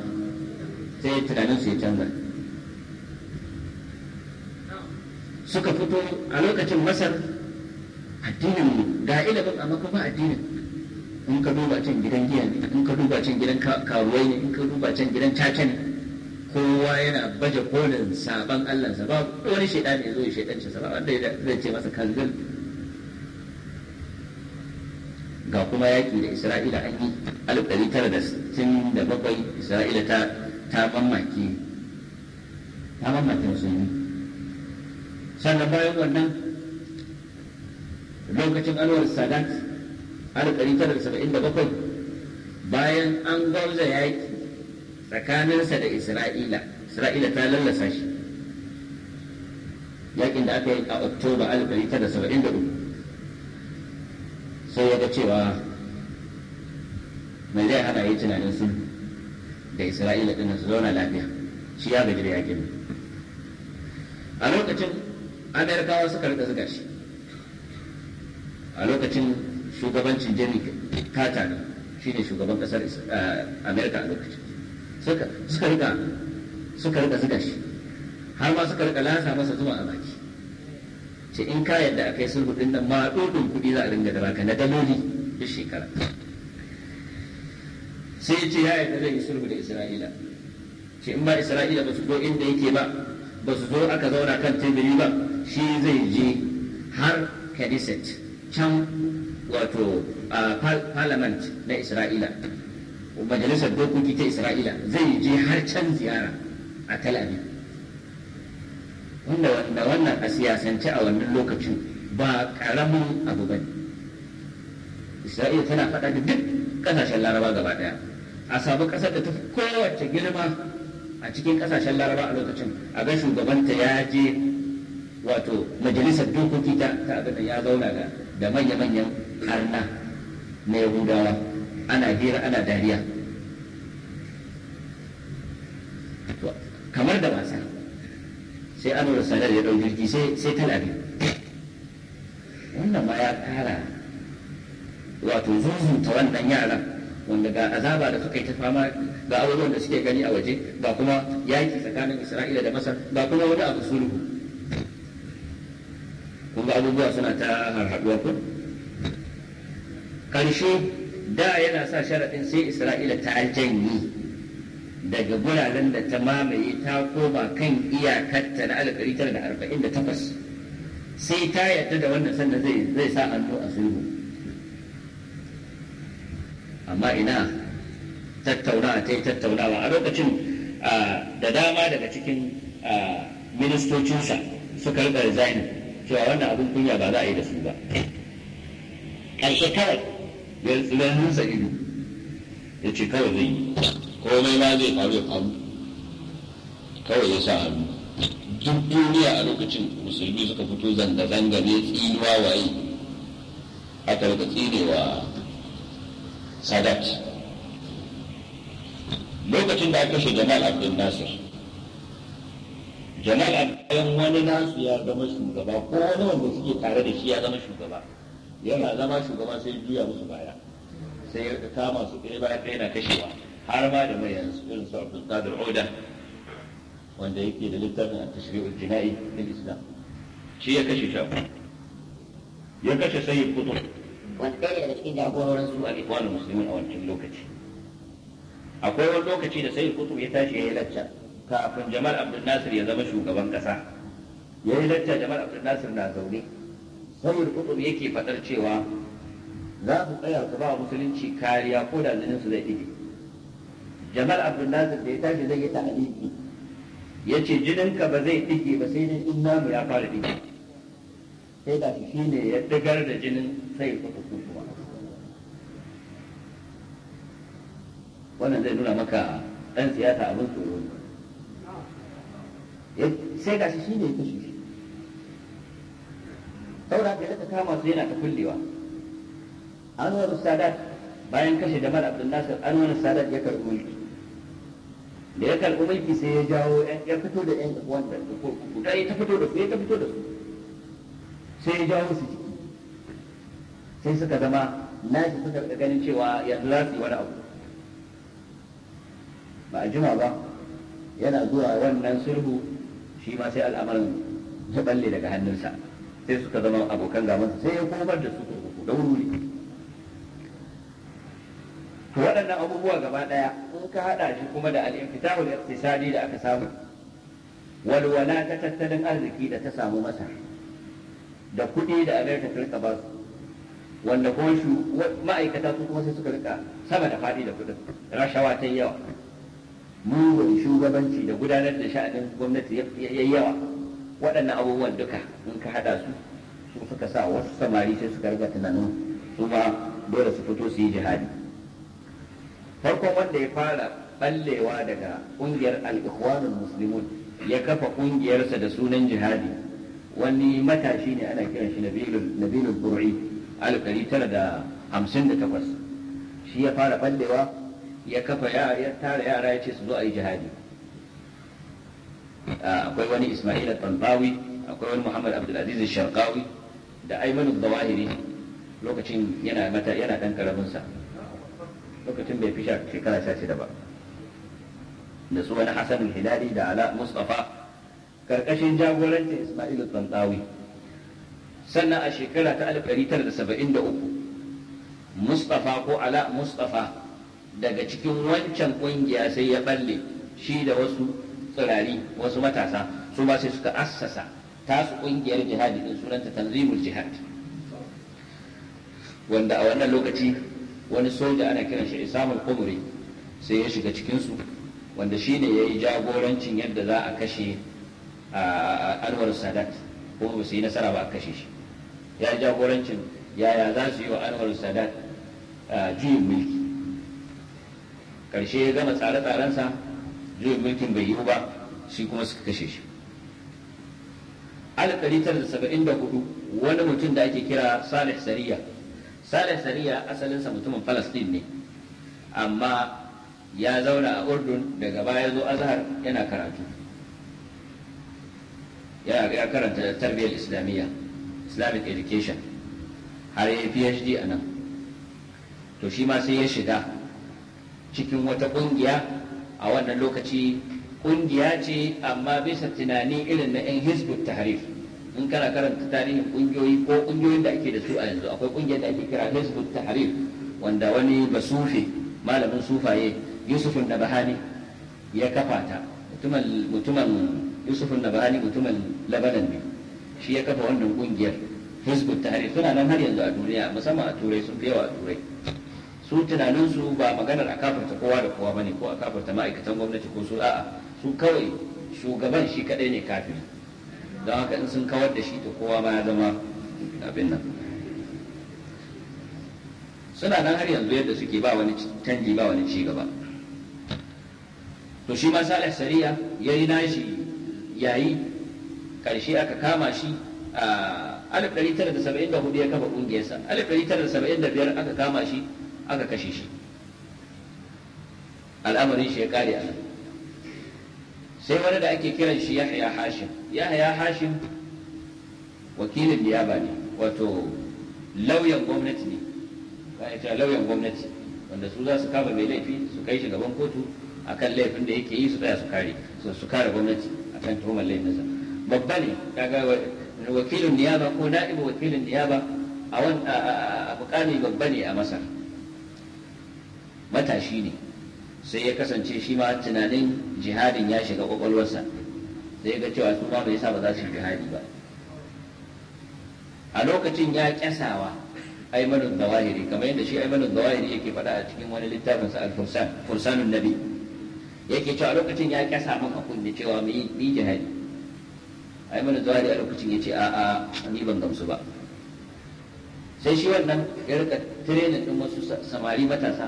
sai tunanin su ya canza suka fito a lokacin masar addinin ga ilimin amma kuma addinin in ka duba can gidan giya ne in ka duba can gidan karuwai ne in ka duba can gidan caca ne kowa yana baje kolin saban Allahnsa ba wani shaidan ya zo ya shaidanci sa ba wanda zai ce masa kanzan ga kuma yaki da Isra'ila an yi alif ɗari tara da sittin da bakwai Isra'ila ta ta mamaki ta mamaki musulmi sannan bayan wannan lokacin alwar sadat alif ɗari tara da saba'in da bakwai bayan an gwamza yaki tsakaninsa da isra'ila isra'ila ta lallasa shi yakin da aka yi a oktoba 1973 sai ya ga cewa mai zai hada yi tunanin sun da isra'ila ɗin su zauna lafiya shi ya gaji da yakin a lokacin amerikawa suka rika zuga shi a lokacin shugabancin jami kata ne shugaban ƙasar eh, amerika a lokacin suka rika suka shi har ma suka rika lasa masa zuwa a baki ce in ka yadda akai sulhu din nan ma dodon kuɗi za a ringa da baka na daloli duk shekara sai ce ya yadda zai yi sulhu da isra'ila ce in ba isra'ila ba su zo inda yake ba ba su zo aka zauna kan tebiri ba shi zai je har kadiset can wato a parliament na isra'ila majalisar dokoki ta isra'ila zai je har can ziyara a tel aviv wanda wannan a siyasance a wannan lokacin ba karamin abu bane isra'ila tana faɗa da duk ƙasashen laraba gaba ɗaya a samu ƙasar da ta fi kowace girma a cikin ƙasashen laraba a lokacin a ga shugabanta ya je wato majalisar dokoki ta ta ya zauna da manya-manyan harna na yahudawa ana hira ana dariya kamar da wasa sai an wasa da ya dauki jirgi sai ta aviv wannan ma ya kara wato zuzunta wannan yaran wanda ga azaba da suka yi ta fama ga abubuwan da suke gani a waje ba kuma yaki tsakanin isra'ila da masar ba kuma wani abu sulhu kun abubuwa suna ta harhaduwa ko karshe da yana sa sharaɗin sai isra'ila ta aljanyi daga guraren da ta mamaye ta koma kan iyakarta na alƙari tara da arba'in da takwas sai ta yarda da wannan sannan zai sa hannu a sulhu amma ina tattaunawa ta yi tattaunawa a lokacin da dama daga cikin ministocinsa suka riga resign cewa wannan abin kunya ba za a yi da su ba ƙarshe kawai ya tsirar hansa ido ya ce kawai zai yi komai ma zai faru ya faru kawai ya sa hannu duk duniya a lokacin musulmi suka fito zanga-zanga ne tsinuwa waye aka rika tsinewa sadat lokacin da aka kashe jamal abdul nasir jamal abdul wani nasu ya zama shugaba ko wani wanda suke tare da shi ya zama shugaba yana zama shugaba sai juya musu baya sai ya kama su kai baya kai na kashewa har ma da mai yanzu irin su Abdul Qadir Oda wanda yake da littafin a tashriul jina'i din Islam shi ya kashe shafu ya kashe sayyid kutub wanda ɗaya daga cikin jagororin su a ikhwan musulmi a wancan lokaci akwai wani lokaci da sayyid kutub ya tashi ya yi lacca kafin Jamal Abdul Nasir ya zama shugaban kasa ya yi lacca Jamal Abdul Nasir na zaune saboda kutub yake faɗar cewa za su tsaya su ba musulunci kariya ko da su zai ɗige jamal abdullahi da ya tashi zai yi ta'aliki ya ce jininka ba zai ɗige ba sai dai in namu ya fara ɗige sai da shi ne ya ɗigar da jinin sai ku tafi kuma wannan zai nuna maka ɗan siyasa abin tsoro sai ga shi ne ya kashe shi saboda ka ta kama su yana ta kullewa anwar sadat bayan kashe jamal abdul nasir anwar sadat ya karɓi mulki da ya karɓi mulki sai ya jawo ya fito da yan uwan da ko da ya ta fito da su ya ta fito da su sai ya jawo su jiki sai suka zama nashi suka ganin cewa yanzu za su yi wani abu ba a jima ba yana zuwa wannan sulhu shi ma sai al'amarin ya balle daga hannunsa sai suka zama abokan gamansa sai ya komar da su kurkuku da wuri to waɗannan abubuwa gaba ɗaya in ka haɗa shi kuma da al'infitahul iqtisadi da aka samu walwala ta tattalin arziki da ta samu masa da kuɗi da amerika ta rika ba wanda shu ma'aikata su kuma sai suka rika sama da faɗi da kuɗin rashawa ta yawa mugun shugabanci da gudanar da sha'anin gwamnati ya yawa waɗannan abubuwan duka in ka haɗa su su suka sa wasu samari sai suka riga tunanin su ma dole su fito su yi jihadi farkon wanda ya fara ballewa daga ƙungiyar al musulmin ya kafa ƙungiyarsa da sunan jihadi wani matashi ne ana kiran shi nabilul bur'i alif ɗari tara da hamsin da takwas shi ya fara ballewa ya kafa ya tara yara ya ce su zo a yi jihadi akwai wani Ismail al-Tanbawi akwai wani Muhammad Abdul Aziz al-Sharqawi da Ayman al dawahiri lokacin yana mata yana dan karamin sa lokacin bai fi shekara 16 ba da su wani Hassan al-Hilali da Ala Mustafa karkashin jagorancin Ismail al-Tanbawi sannan a shekara ta 1973 Mustafa ko Ala Mustafa daga cikin wancan kungiya sai ya balle shi da wasu tsirari wasu matasa su ba sai suka assasa tasu kungiyar jihadi din sunanta tanzimul jihad wanda a wannan lokaci wani soja ana kiran shi isamul kumri sai ya shiga cikinsu wanda shine ne ya yi jagorancin yadda za a kashe anwar sadat ko ba su yi nasara ba a kashe shi ya yi jagorancin yaya za su yi wa anwar sadat juyin mulki Karshe ya gama tsare-tsarensa zai mulkin bai yiwu ba shi kuma suka kashe shi al ɗari wani mutum da ake kira salih sariya salih sariya asalinsa mutumin falastin ne amma ya zauna a urdun daga baya zo azhar yana karatu ya karanta tarbiyyar islamiyya islamic education har ya phd a nan to shi ma sai ya shiga cikin wata ƙungiya a wannan lokaci kungiya ce amma bisa tunani irin na 'yan hizbut tahrif in kana karanta tarihin kungiyoyi ko kungiyoyin da ake da su a yanzu akwai kungiyar da ake kira hizbut tahrif wanda wani basufi malamin sufaye yusuf nabahani ya kafa ta mutumin yusuf nabahani mutumin labanan ne shi ya kafa wannan kungiyar hizbut tahrif suna nan har yanzu a duniya musamman a turai sun fi yawa a turai su tunaninsu ba maganar a kafarta kowa da kowa bane ko a kafarta ma'aikatan gwamnati ko su a'a su kawai shugaban shi kadai ne kafin don haka in sun kawar da shi to kowa ma ya zama abin nan suna nan har yanzu yadda suke ba wani canji ba wani cigaba to shi ma salih sariya ya yi nashi yayi karshe aka kama shi a 1974 ya kafa kungiyarsa 1975 aka kama shi aka kashe shi al'amarin shi ya kare a sai wani da ake kiran shi yahya hashim yahya hashim wakilin niyaba ne wato lauyan gwamnati ne ka ita lauyan gwamnati wanda su za su kama mai laifi su kai shi gaban kotu akan laifin da yake yi su tsaya su kare su kare gwamnati akan tuhumar laifinsa babba ne kaga wakilin niyaba ko na'ibu wakilin niyaba a wani babba ne a masar matashi ne sai ya kasance shi ma tunanin jihadin ya shiga kwakwalwarsa sai ga cewa su ma bai sa ba za su jihadi ba a lokacin ya kyasawa aimanun zawahiri kamar yadda shi aimanun zawahiri yake faɗa a cikin wani littafinsa al-fursan fursanun nabi yake cewa a lokacin ya kyasa maka kunne cewa mu yi jihadi aimanun zawahiri a lokacin ya ce a'a ni ban gamsu ba sai shi wannan ya rika tirenin din wasu samari matasa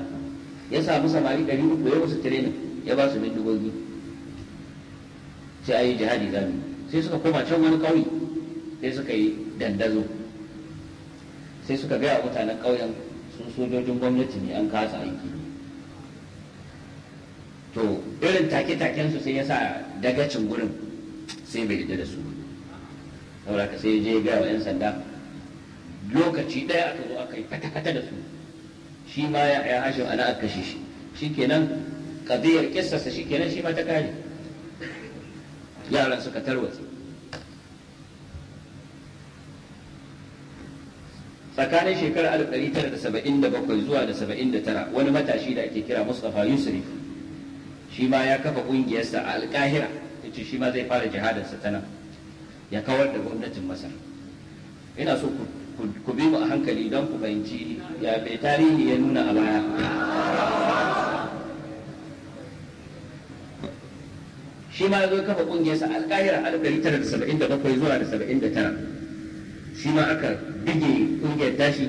ya samu samari ɗari uku ya wasu tirenin, ya ba su bindigogi sai a yi jihadi zami sai suka koma can wani ƙauye sai suka yi dandazo sai suka gaya mutanen ƙauyen sun sojojin gwamnati ne an kasa aiki to irin take-taken su sai ya sa dagacin gurin sai bai yadda da su saboda ka sai ya je ya gaya wa 'yan sanda lokaci ɗaya aka zo aka yi fata-fata da su shi ma ya ya hashim ana aka kashe shi shikenan qadiyar kissarsa shikenan shi ma ta kare yaran suka tarwatsa tsakanin shekarar 1977 zuwa da 79 wani matashi da ake kira Mustapha Yusri shi ma ya kafa ƙungiyarsa a alkahira yace shi ma zai fara jihadarsa ta nan ya kawar da gwamnatin Masar ina so ku ku bi mu a hankali don ku fahimci ya mai tarihi ya nuna a baya shi ma zo kafa kungiyarsa alƙahira a ɗari tara da saba'in da bakwai zuwa da saba'in da tara shi ma aka bige kungiyar tashi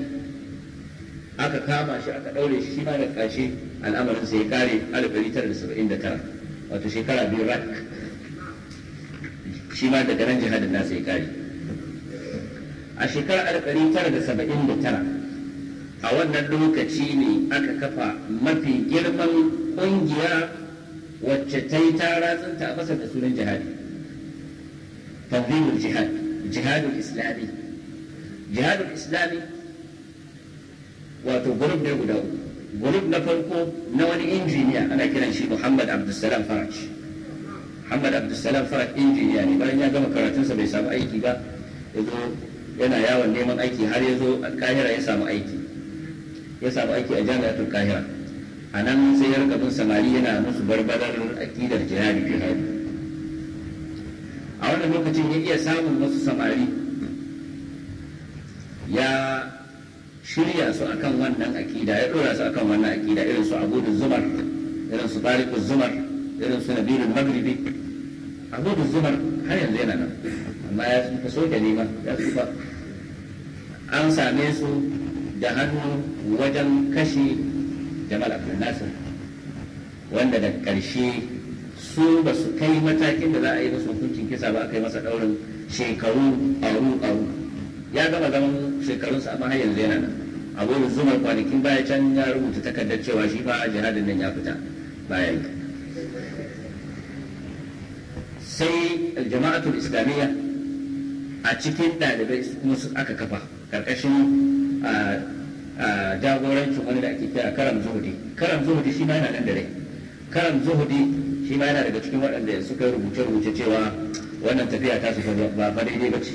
aka kama shi aka ɗaure shi ma da ƙarshe al'amarin sai ya kare a ɗari tara da saba'in da tara wato shekara biyu rak shi ma daga nan jihadin nasa ya kare a shekarar 1979 a wannan lokaci ne aka kafa mafi girman ƙungiya wacce ta yi tara ratsanta a ƙasar da sunan jihadi tanzimin jihad jihadul islami jihadul islami wato gurub ne guda uku gurub na farko na wani injiniya ana kiran shi muhammad abdulsalam faraj muhammad abdulsalam faraj injiniya ne bayan ya gama karatunsa bai samu aiki ba yana yawon neman aiki har ya zo kahira ya samu aiki ya samu aiki a jami'atul kahira a nan sai ya rika samari yana musu barbarar akidar jihadi jihadi a wannan lokacin ya iya samun wasu samari ya shirya su akan wannan akida ya dora su akan wannan akida irin su abudu zumar irin su zumar irin su nabirin magribi abudu zumar har yanzu yana nan baya an same su da hannu wajen kashe jamal abdul nasir wanda da karshe su ba su kai matakin da za a yi musu hukuncin kisa ba aka yi masa ɗaurin shekaru aru aru ya gama zama shekarunsa amma har yanzu yana nan abu zuma kwanakin baya can ya rubuta takardar cewa shi ba a jihadin nan ya fita baya yi sai aljama'atul islamiyya a cikin ɗalibai kuma aka kafa ƙarƙashin jagorancin wani da ake kira karam zuhudi karam zuhudi shi ma yana nan da rai karam zuhudi shi ma yana daga cikin waɗanda suka rubuce-rubuce cewa wannan tafiya ta su ba fa daidai ba ce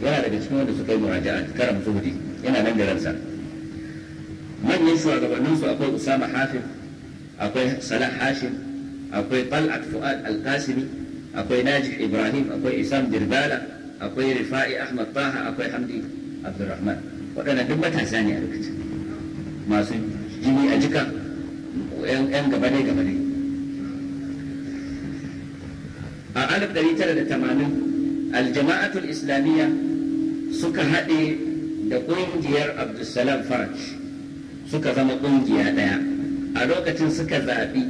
yana daga cikin wanda suka yi muraja'a karam zuhudi yana nan da ransa manyan su akwai usama hafif akwai salah hashim akwai tal'at fu'ad al-qasimi akwai najih ibrahim akwai isam dirbala akwai rifa'i ahmad taha akwai hamdi abdurrahman waɗanda duk matasa ne a lokacin masu jini a jika yan gaba ne gaba ne a alif ɗari tara da tamanin aljama'atul islamiyya suka haɗe da ƙungiyar abdulsalam faraj suka zama ƙungiya ɗaya a lokacin suka zaɓi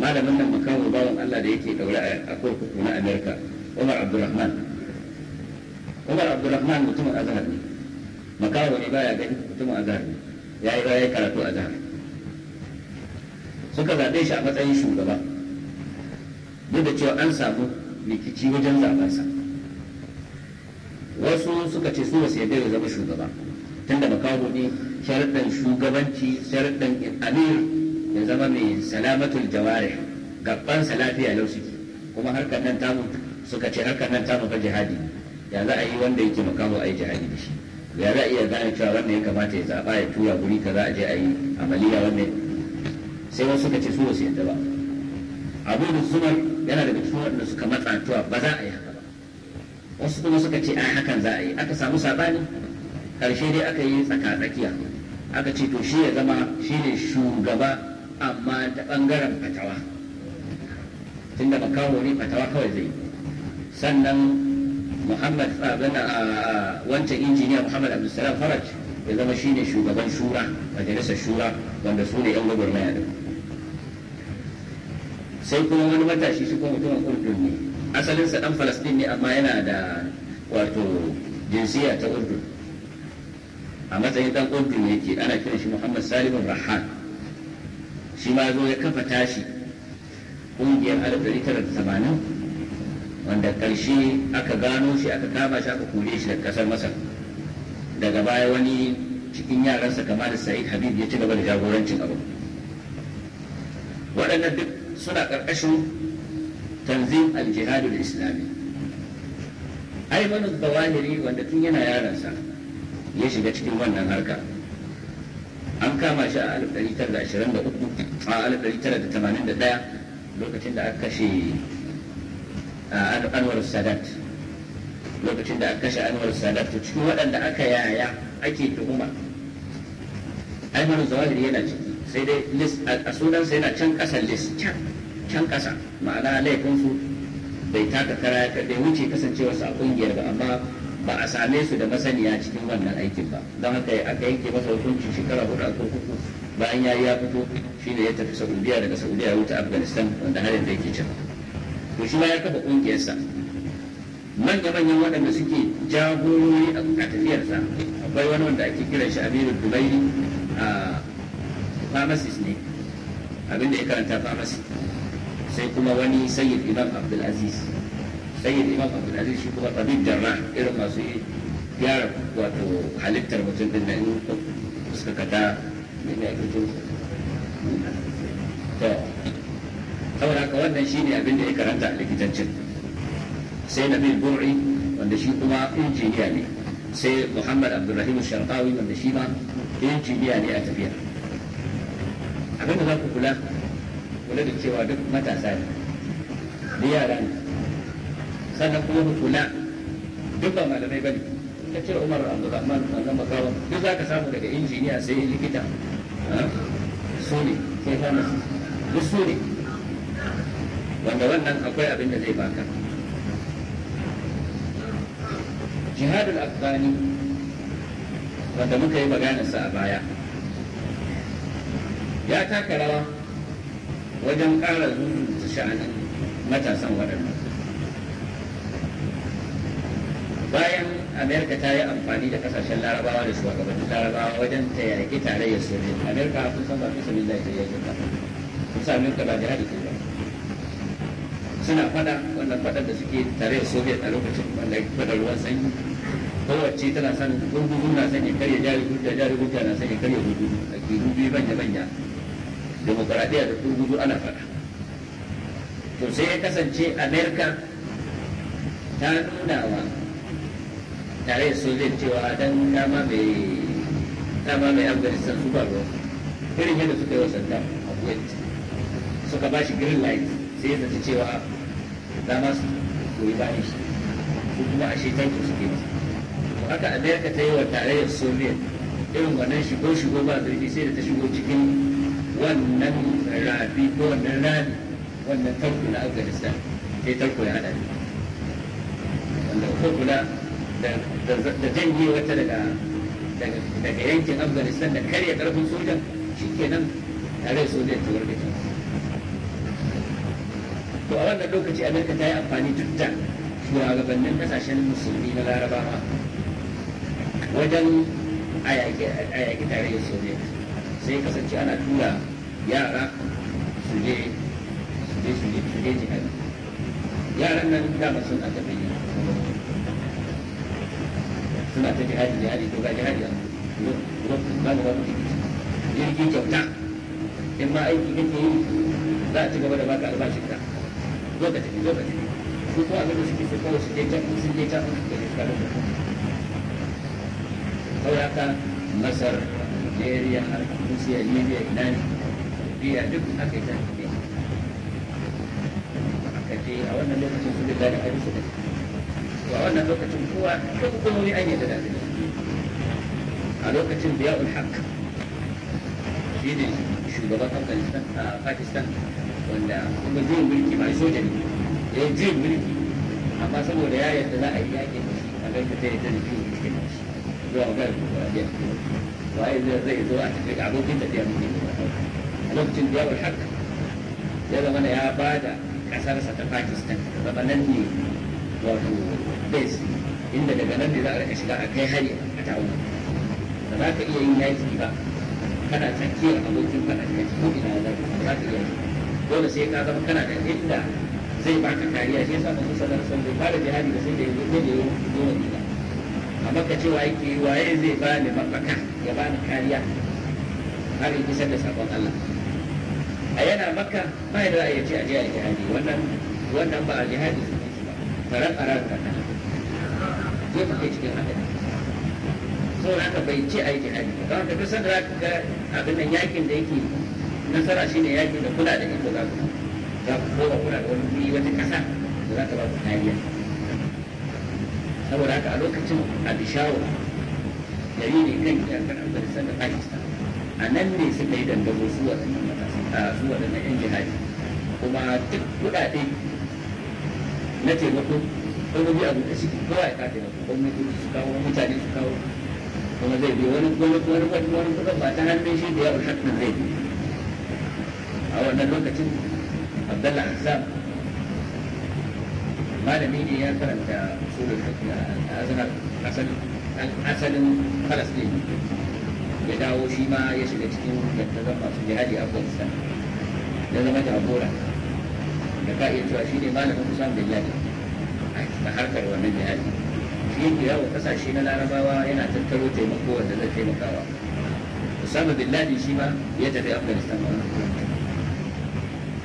malamin nan makamu bawan Allah da yake ɗaure a kurkuku na Amerika umar abdurrahman umar abdurrahman mutumin azhar ne makawo ne baya gani mutumin azhar ne ya yi bayan karatu azhar suka zaɓe shi a matsayin shugaba duk da cewa an samu rikici wajen zaɓensa wasu suka ce su wasu yadda ya zama shugaba tunda makaho ne sharaɗin shugabanci sharaɗin amir ya zama mai salamatul jawari gabansa lafiya lau suke kuma harkar nan tamu suka ce harkar nan ta fa jihadi ya za a yi wanda yake makamu a yi jihadi da shi ya za a iya gane cewa wanda ya kamata ya zaɓa ya tura guri ka za a je a yi amaliya wannan sai wasu suka ce su wasu yadda ba abu da zumar yana daga cikin da suka matsa tuwa ba za a yi haka ba wasu kuma suka ce a hakan za a yi aka samu saɓani ƙarshe dai aka yi tsaka tsakiya aka ce to shi ya zama shi ne shugaba amma ta ɓangaren fatawa tunda makawo ne fatawa kawai zai yi sannan muhammad abin a wancan injiniya muhammad abdulsalam faraj ya zama shine shugaban shura majalisar shura wanda su ne yan gwagwarmaya din sai kuma wani matashi shi kuma mutumin urdun ne asalinsa dan falastin ne amma yana da wato jinsiya ta urdun a matsayin dan urdun yake ana kiran shi muhammad salimun rahan shi ma zo ya kafa tashi ƙungiyar 1980 wanda ƙarshe aka gano shi aka kama shi aka kore shi daga ƙasar masar daga baya wani cikin yaransa kama da sa'id habib ya ci gaba da jagorancin abu waɗannan duk suna ƙarƙashin tanzim al-jihadul islami manu bawahiri wanda tun yana yaransa ya shiga cikin wannan harka an kama shi a 1923 a 1981 lokacin da aka kashe anwar sadat lokacin da aka kashe anwar sadat to cikin waɗanda aka yaya ake tuhuma aimanin Zawahir yana ciki sai dai list a sunansa yana can ƙasa list can can ƙasa ma'ana laifinsu bai taka kara ya kaɗai wuce kasancewar su a ƙungiyar ba amma ba a same su da masaniya cikin wannan aikin ba don haka aka yanke masa hukuncin shekara hudu a kurkuku bayan ya ya fito shine ya tafi saudiya daga saudiya ya wuce afghanistan wanda har yanzu yake can to shi ma ya kafa ƙungiyarsa manya-manyan waɗanda suke jagorori a tafiyarsa akwai wani wanda ake kira shi aminu dubai a pharmacist ne abinda ya karanta pharmacy sai kuma wani sayyid imam abdulaziz sayyid imam abdulaziz shi kuma tabib ra irin masu gyara wato halittar mutum din nan suka kada ne ne a to saboda ka wannan shi abin da ya karanta a likitancin sai na bin bur'i wanda shi kuma injiniya ne sai muhammad abdulrahim sharqawi wanda shi ma injiniya ne a tafiya abin da za ku kula kula da cewa duk matasa ne da yara ne sannan kuma ku kula duk ba malamai ba ne ta cire umar abdulrahman wannan makawa duk za ka samu daga injiniya sai likita su ne sai duk su ne wanda wannan akwai abin da zai baka jihadul afghani wanda muka yi maganarsa a baya ya taka rawa wajen ƙara zuzuta sha'anin matasan waɗannan bayan amerika ta yi amfani da kasashen larabawa da shugabannin larabawa wajen ta yaƙi tarayyar soviet amerika a kusan ba fi samin da ya yaƙi ba kusa amerika ba jihadi ta suna fada wannan fada da suke tare da soviet a lokacin wanda ya fada ruwan sanyi kowace tana sanin gurgudu na sanya karya jari da jari gudu na sanya karya gudu. a gudu biyu banya banya demokaradiyya da gurgudu ana fada to sai ya kasance amerika ta nuna wa tare da soviet cewa dan dama mai dama mai afghanistan su ba ruwa irin yadda suka yi wa a kuwait suka ba shi green light sai zata cewa dama su koyi bayan shi ko kuma a shekaru su ke masa haka amerika ta yi wa tarayyar soviet irin wannan shigo shigo ba zurfi sai da ta shigo cikin wannan rafi ko wannan rami wannan tarko na afghanistan sai tarko ya haɗa wanda ko kula da janye wata daga daga yankin afghanistan da karya karfin sojan shi kenan tare da ta wargaje to a wannan lokaci amerika ta yi amfani duk da shugabannin kasashen musulmi na larabawa wajen a yaƙi tarayyar soviet sai kasance ana tura yara su je su je su je su je jihadi yaran nan dama sun a tafi yi suna ta jihadi jihadi to ga jihadi a ba mu wani jirgin kyauta in ma aiki kake yi za a ci gaba da baka albashin ka zo ka tafi zo su ko abin da suke su kawai su je can su je can da su kalu da saboda haka masar nigeria har rusiya libya ina ne biya duk aka yi ta tafi aka a wannan lokacin su da gani a rusu da to a wannan lokacin kowa ko hukumomi an yi da dadi a lokacin biya ul haq shi ne shugaban afghanistan a pakistan wanda kuma juyin mulki ba soja ne ya eh, ji mulki amma saboda ya yadda za a yi yaƙi da shi a ganka ta yadda da juyin mulki na shi zuwa ga ya waye zai zo a tafi ga abokin tafiyar mulki a lokacin da yawon haka ya zama da ya ba da ƙasarsa ta pakistan zama nan ne wato base inda daga nan ne za a rika shiga a kai hari a tawo ba za ka iya yin yaƙi ba kana tsakiyar abokin faɗa ko ina za ka iya yi dole sai ka zama kana da inda zai baka kariya shi yasa manzo sallallahu alaihi wasallam bai fara jihadi da sai da yanzu sai da yanzu dole ne a maka cewa yake waye zai ba ni mafaka ya ba ni kariya har in isar da sabon Allah a yana maka ba ya da ya ce a je a jihadi wannan wannan ba a jihadi su ba tarar a ran kan zai fake cikin hadari saboda haka bai ce a yi jihadi ba don haka duk sanda za ka ga abin nan yakin da yake nasara shine yaki da kula da inda za ku za ku koma kula da wani guri wata kasa da za ta ba ku kariya saboda haka a lokacin abishawo gari ne kan iyakar afghanistan da pakistan a nan ne suka yi dandazo su waɗannan matasa su waɗannan yan jihadi kuma duk kuɗaɗe na taimako gwamnati a buɗe ciki kowa ya kaɗe mako gwamnati su kawo mutane su kawo kuma zai biyo wani gwamnati wani wani wani ba ta hannun shi da yawa shakkan zai biyo a wannan lokacin abdullah azam malami ne ya karanta usulul da a asalin falastin ya dawo shi ma ya shiga cikin zan masu jihadi a afghanistan ya zama jagora da ka iya cewa shi ne malamin kusan bin laden a harkar wannan jihadi shi yake yawo kasashe na larabawa yana tattaro taimako wanda zai taimakawa usama bin laden shi ma ya tafi afghanistan a wannan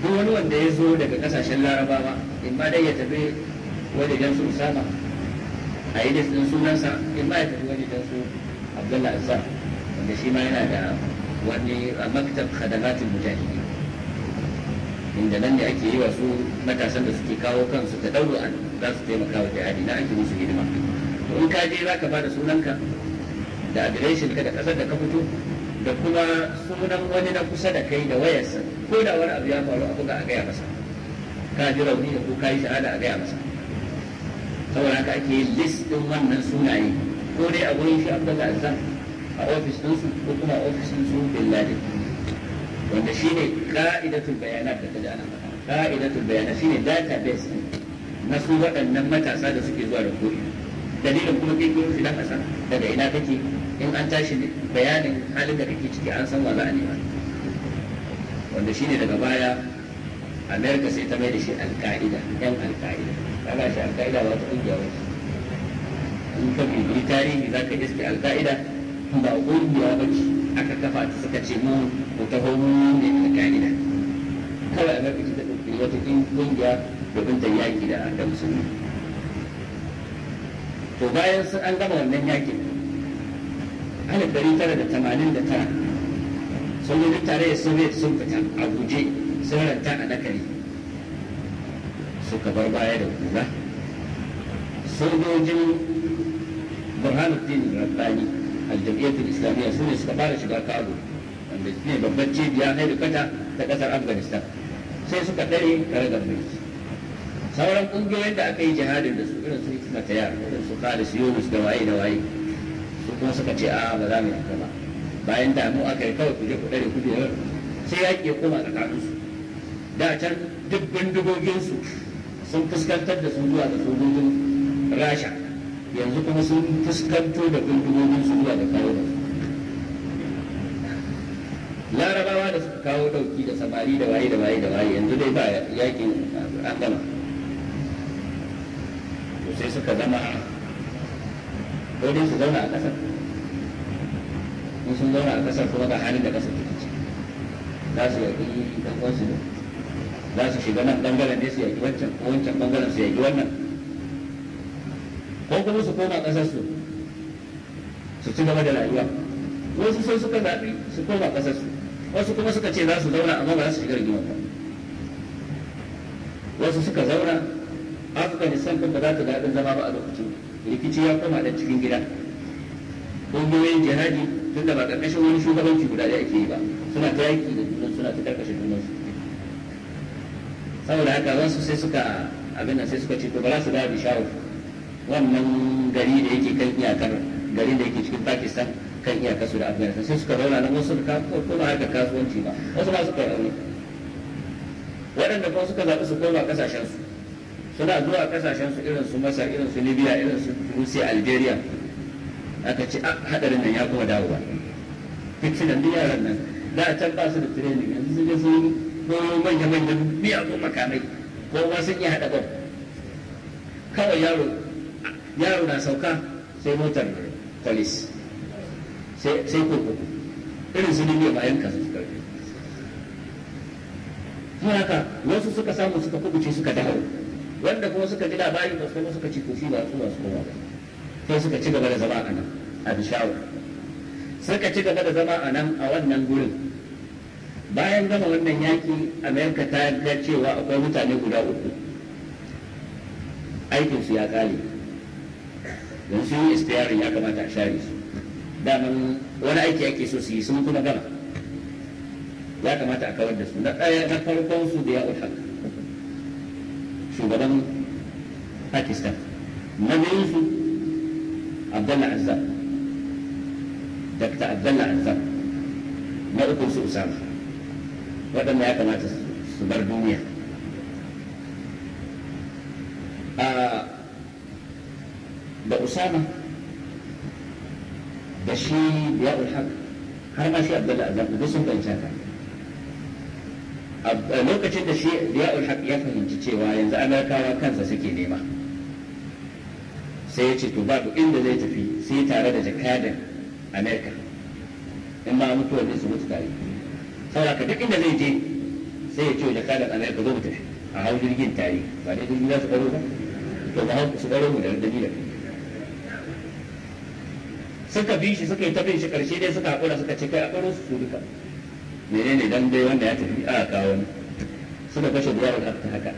duk wani wanda ya zo daga kasashen larabawa in ma dai ya tafi wajen su usama a yi din sunansa in ma ya tafi wajen su abdullah azza wanda shi ma yana da wani maktab khadamatin mujahidi inda nan ne ake yi wa su matasan da suke kawo kansu ta dauro an za su taimaka wa jihadi na ake musu hidima to in ka je za ka ba da sunanka da adireshin ka da kasar da ka fito da kuma sunan wani na kusa da kai da wayarsa ko da wani abu ya faru a buga a gaya masa ka ji rauni da ko ka yi shahada a gaya masa saboda haka ake yin list din wannan sunaye ko dai a wurin shi abdul azam a ofis ɗinsu ko kuma a ofis ɗinsu billadi bin shi wanda shine ka'idatul bayanat da ta ji ana ka'idatul bayanat ne database na su waɗannan matasa da suke zuwa da koyi dalilin kuma kai kuma filan na daga ina kake in an tashi bayanin halin da kake ciki an san wa za a nema wanda shine daga baya america sai ta mai da shi alka'ida yan alka'ida kaga shi alka'ida ba ta kungiya ba in ka bibi tarihi za ka iske alka'ida ba kungiya ba ce aka kafa ta suka ce mu mu taho mu ne alka'ida kawai america ce ta ɗauki wata kungiya domin ta yaki da musulmi to bayan sun an gama wannan yakin alif ɗari tara da tamanin da tara sojojin tarayyar soviet sun fita a guje sun ranta a nakari suka bar baya da kula. sojojin burhanuddin rabbani aljam'iyyatul islamiyya su ne suka fara shiga kabul wanda ne babban cibiya na dukata ta kasar afghanistan sai suka dare tare da mulki sauran kungiyoyin da aka yi jihadin da su irin su hikima ta yara irin su khalis yunus da waye da waye su kuma suka ce a ba za mu yi ba bayan da mu aka yi kawai ku je ku dare ku biyar sai yaƙi ya koma tsakanin su da can duk bindigogin su sun fuskantar da su zuwa ga sojojin rasha yanzu kuma sun fuskanto da bindigogin su zuwa da kawo da larabawa da suka kawo dauki da samari da waye da waye da waye yanzu dai ba yakin a gama sai suka zama a. ko dai su zauna a ƙasar in sun zauna a ƙasar kuma ga halin da ƙasar take ci za su yaƙi ɗan ne za su shiga nan ɓangaren ne su yaƙi wancan ko wancan ɓangaren su yaƙi wannan ko kuma su koma ƙasar su su ci gaba da rayuwa wasu sai suka zaɓi su koma ƙasar su wasu kuma suka ce za su zauna amma ba za su shiga rigimar ba wasu suka zauna afghanistan ɗin ba za ta daɗin zama ba a lokacin rikici ya koma da cikin gida ƙungiyoyin jihadi tun da ba ƙarƙashin wani shugabanci guda da ake yi ba suna ta yaƙi da junan suna ta ƙarƙashin junan su saboda haka wasu sai suka abin sai suka ce to ba za su dawo bishara wannan gari da yake kan iyakar gari da yake cikin pakistan kan iyakar su da afghanistan sai suka zauna nan wasu suka koma haka kasuwanci ba wasu ba su yi aure waɗanda kuma suka zaɓi su koma ƙasashensu suna zuwa kasashen su irin su masar irin su libya irin su rusi algeria aka ci ah, hadarin nan ya kuma dawowa fitinan duk yaran nan da a can ba su da training yanzu sun je sun koyo manya-manyan ko makamai ko ma sun iya hada gwam kawai yaro yaro na sauka sai motar police sai koko irin su libya bayan kasu suka Kuma haka wasu suka samu suka kubuce suka dawo wanda kuma suka ji labari ba su suka ci kusi ba su ba su ba sai suka ci gaba da zama a nan a bishawu suka ci gaba da zama a nan a wannan gurin bayan gama wannan yaki amerika ta ga cewa akwai mutane guda uku aikinsu ya kare don sun yi istiyari ya kamata a share su daman wani aiki ake so su yi sun kuma gama ya kamata a kawar da su na farkon su da ya ulhaka shugaban pakistan na su abdullah azzab dr abdullah azzab na ukun su usama waɗanda ya kamata su bar duniya da usama da shi ya ulhaq har ma shi abdullah azzab da sun fahimci a lokacin da shi riya'ul haq ya fahimci cewa yanzu amerikawa kansa suke nema sai ya ce to babu inda zai tafi sai tare da jakadan amerika in ma mutuwar ne su mutu tare saboda duk inda zai je sai ya ce jakadan amerika zo mu tafi a hau jirgin tare ba dai jirgin za su karo ba to ba su karo mu da dalilin suka bi shi suka yi ta shi karshe dai suka haƙura suka ce kai a karo su duka menene dan dai wanda ya tafi a kawo ne suka kashe ziyarar aka ta haka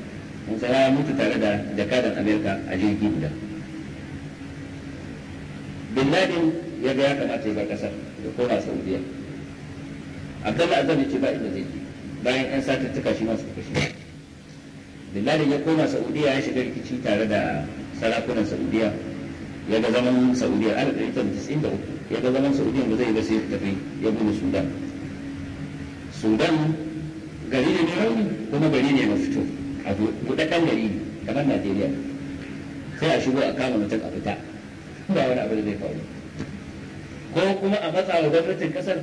sai ya mutu tare da jakadan amerika a jirgi guda bin laden ya ga ya kamata ya bar kasar da koma saudiya abdalla azam ce ba inda zai je bayan yan satattuka shi masu kashe bin laden ya koma saudiya ya shiga rikici tare da sarakunan saudiya ya ga zaman saudiya 1993 ya ga zaman saudiya ba zai ba sai tafi ya gudu sudan sudan gari ne mai rauni kuma gari ne mai fito a buɗaɗɗen gari ne kamar najeriya sai a shigo a kama mutum a fita ba wani abu da zai faru ko kuma a matsa wa gwamnatin kasar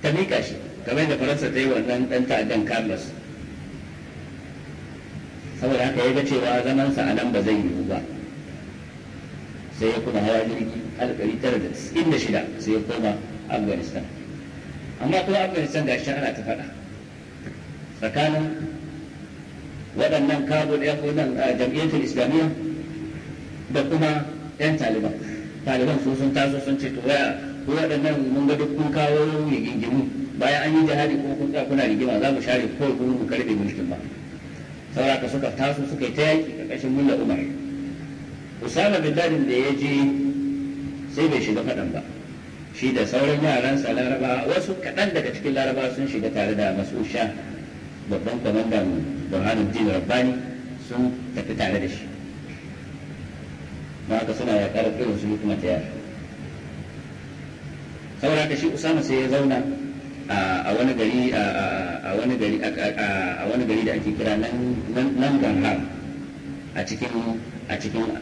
ta mika shi game da faransa ta yi wannan ɗan ta'addan carlos saboda haka ya ga cewa zamansa a nan ba zai yiwu ba sai ya kuma hawa jirgi alkali tara da da shida sai ya koma afghanistan amma kuma afghanistan gashi ana ta faɗa tsakanin waɗannan kabul ya a jam'iyyar islamiyya da kuma 'yan taliban taliban sun sun taso sun ce to waya ko waɗannan mun ga duk kun kawo rigingimu bayan an yi jihadi ko kun kuna rigima za mu share ko kun mu karbe mulkin ba sauraka suka taso suka yi ta yaki ƙarƙashin mulla umar usama bin ladin da ya je sai bai shiga faɗan ba shi da sauran yaransa laraba wasu kaɗan daga cikin laraba sun shiga tare da masu sha babban kwamandan din rabbani sun tafi tare da shi ba haka suna ya ƙara irin su kuma ta yara saboda ka shi usama sai ya zauna a wani gari a wani gari a wani gari da ake kira nan gangar a cikin a cikin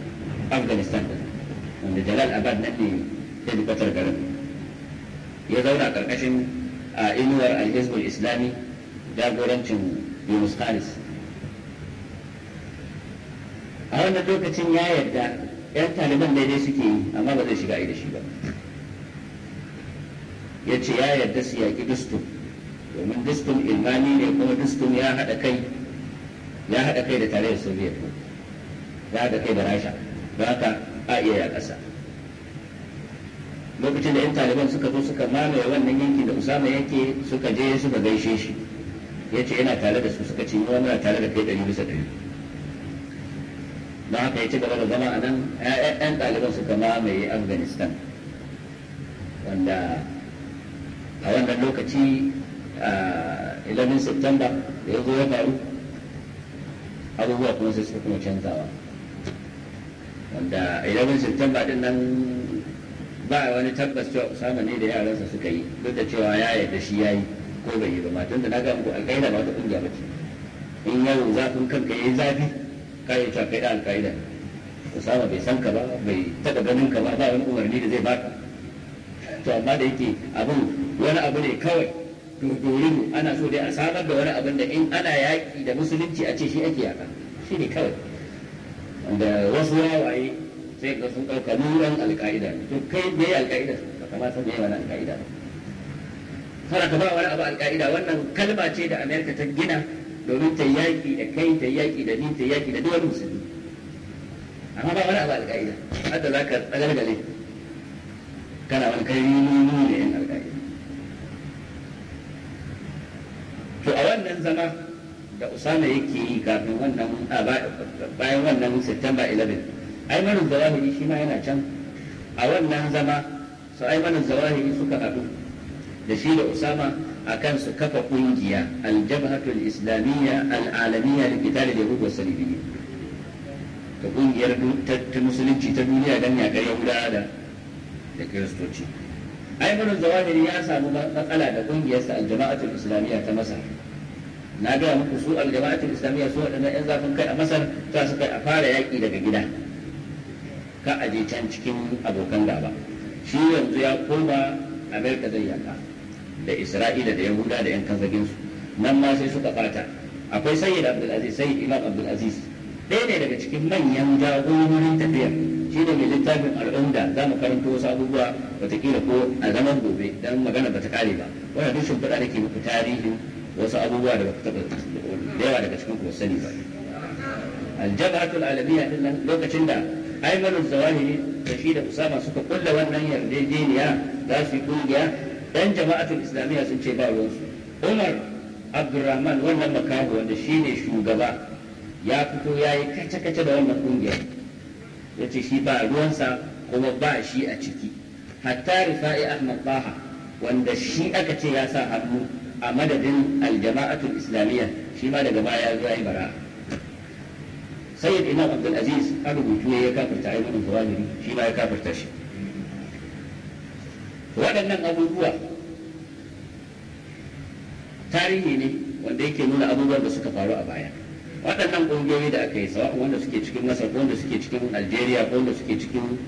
afghanistan wanda jalal abad nan ne ya garin ya zauna karkashin a inuwar al-hizbul islami jagorancin yunus khalis a wannan lokacin ya yarda yan taliban daidai suke yi amma ba zai shiga da shi ba ya ce ya yarda su yaƙi dustun domin dustun ilmani ne kuma dustun ya haɗa kai ya haɗa kai da tarayyar soviet ya haɗa kai da rasha ba ka a iya ya ƙasa lokacin da yan taliban suka zo suka mamaye wannan yanki da usama yake suka je suka gaishe shi ya ce yana tare da su suka ce yawa muna tare da kai ɗari bisa ɗari don haka ya ci gaba da zama a nan yan taliban suka mamaye afghanistan wanda a wannan lokaci a 11 september da ya zo ya faru abubuwa kuma sai suka kuma canzawa wanda 11 september din nan ba wani tabbas cewa usama ne da yaransa suka yi duk da cewa ya yarda shi ya yi ko bai yi ba matan da na ga muku alƙaida ba ta kungiya ba ce in yau zafin kanka yayi zafi ka yi cewa kai da alƙaida usama bai san ka ba bai taɓa ganin ka ba ba wani umarni da zai baka to amma da yake abin wani abu ne kawai to dodorinu ana so dai a samar da wani abin da in ana yaƙi da musulunci a ce shi ake yaƙa shi ne kawai Da wasu wawaye sai ka sun ɗauka nuran alƙa'ida ne to kai me alƙa'ida ba ka kama san me wani alƙa'ida ba fara ka ba wani abu alƙa'ida wannan kalma ce da amerika ta gina domin ta yaƙi da kai ta yaƙi da ni ta yaƙi da duk wani musulmi amma ba wani abu alƙa'ida hadda za ka tsagargale kana wani kai nunu da yan alƙa'ida to a wannan zama da usama yake yi kafin wannan bayan wannan september 11 aimanin zawahiri shi ma yana can a wannan zama su aimanin zawahiri suka haɗu da shi da usama a kan su kafa ƙungiya aljabhatul islamiyya al'alamiyya da fitar da yahudu wasu ta ƙungiyar ta musulunci ta duniya don yaƙar yahudawa da da kiristoci aimanin zawahiri ya samu matsala da ƙungiyarsa aljama'atul islamiyya ta masar na gaya muku su aljama'atul islamiyya su waɗannan 'yan zafin kai a masar za su kai a fara yaƙi daga gida ka aje can cikin abokan gaba shi yanzu ya koma amerika zai yaka da isra'ila da yahuda da yan kanzagin nan ma sai suka fata akwai sayyid abdulaziz sai imam abdulaziz ɗaya ne daga cikin manyan jagororin tafiyar shi ne mai littafin al'umda za mu karanto wasu abubuwa watakila ko a zaman gobe don magana ba ta kare ba wanda duk shimfiɗa da ke muku tarihin wasu abubuwa da yawa daga cikin ku sani ba aljabaratul alamiya din nan lokacin da aimanin ne da shi da Kusama suka kulla wannan yarjejeniya za su yi kungiya dan jama'atul islamiyya sun ce ba ruwansu umar abdurrahman wannan makaho wanda shi ne shugaba ya fito ya yi kace-kace da wannan kungiya ya ce shi ba ruwansa kuma ba shi a ciki hatta rifa'i ahmad baha wanda shi aka ce ya sa hannu a madadin aljama'atul islamiyya shi ma daga baya ya zo ya sayyid imam abdul aziz a rubutu ya kafirta ayyukan zawahiri shi ma ya kafirta shi waɗannan abubuwa tarihi ne wanda yake nuna abubuwan da suka faru a baya waɗannan ƙungiyoyi da aka yi sawa wanda suke cikin masar ko wanda suke cikin algeria ko wanda suke cikin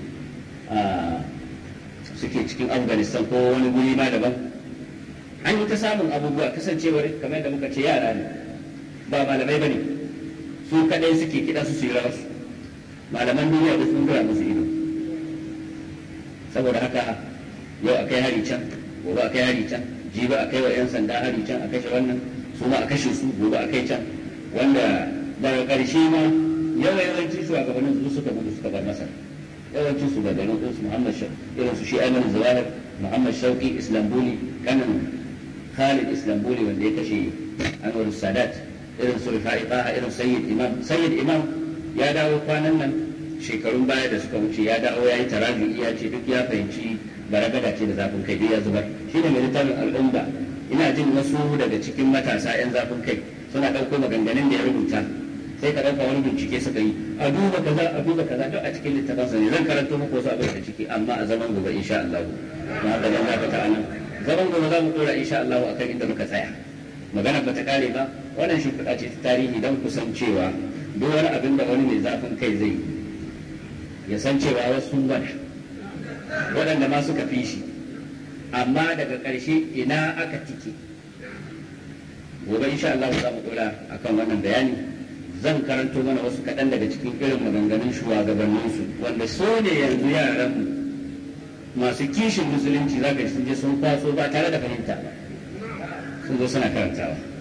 suke cikin afghanistan ko wani guri ma daban an yi ta samun abubuwa kasancewar kamar da muka ce yara ne ba malamai ba ne su kadai suke kiɗa su su rawas malaman duniya da sun gura musu ido saboda haka yau akai hari can gobe akai hari can jiba akai wa yan sanda hari can a kashe wannan su ma a kashe su gobe akai can wanda daga ƙarshe ma yawa a gabanin su suka gudu suka bar masar yawanci su daga nan su muhammad irin su shi aiman zawahir muhammad shauki islambuli kanan khalid islambuli wanda ya kashe anwar sadat irin Iba a irin sayyid imam sayyid imam ya dawo kwanan nan shekarun baya da suka wuce ya dawo ya yi tarabi ya ce duk ya fahimci baragada ce da zafin kai duk ya zubar shi ne mai littafin al'umma ina jin wasu daga cikin matasa 'yan zafin kai suna ɗauko maganganun da ya rubuta sai ka ɗauka wani bincike suka yi a duba kaza a duba kaza duk a cikin sa, ne zan karanto muku wasu abin da ciki amma a zaman gobe insha Allah na haka zan dakata a nan zaman gobe za mu ɗora insha Allah akan inda muka tsaya magana ba ta kare ba wannan shimfiɗa ce ta tarihi don kusancewa, cewa wani abin da wani mai zafin kai zai ya san cewa wasu sun gwada waɗanda ma suka fi shi amma daga ƙarshe ina aka tike gobe insha Allah za mu kula akan wannan bayani zan karanto mana wasu kaɗan daga cikin irin maganganun shugabanninsu wanda so ne yanzu yaran masu kishin musulunci za ka sun je sun kwaso ba tare da fahimta ba sun zo suna karantawa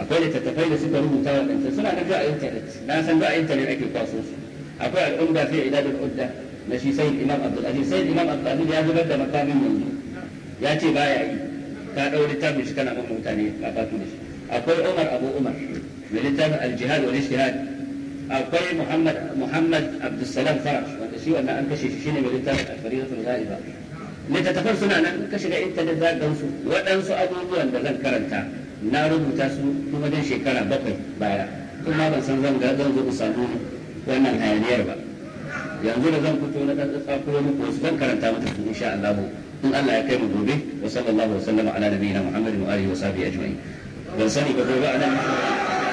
akwai littattafai da suka rubuta waɗancan suna nan a intanet na san a intanet ake kwaso su akwai al'umda fi idadul udda na shi sayyid imam abdul aziz sayyid imam abdul ya zubar da makamin yanzu ya ce baya yi ka ɗau littafin shi kana mamman ne a batu da shi akwai umar abu umar mai littafin aljihad wani wal akwai muhammad muhammad abdussalam farash wanda shi wannan an kashe shi shine mai littafin al-faridatul ghaiba littattafan suna nan ka shiga intanet za ka gansu waɗansu abubuwan da zan karanta na rubuta su kuma dan shekara bakwai baya kuma ban san zan ga zan zo samu wannan hayaniyar ba yanzu da zan fito na dan tsakuro muku su zan karanta mata su insha Allah in Allah ya kai mu gobe wa sallallahu alaihi wa sallam ala nabiyina Muhammadin wa alihi wa sahbihi ajma'in ban sani ba gobe anan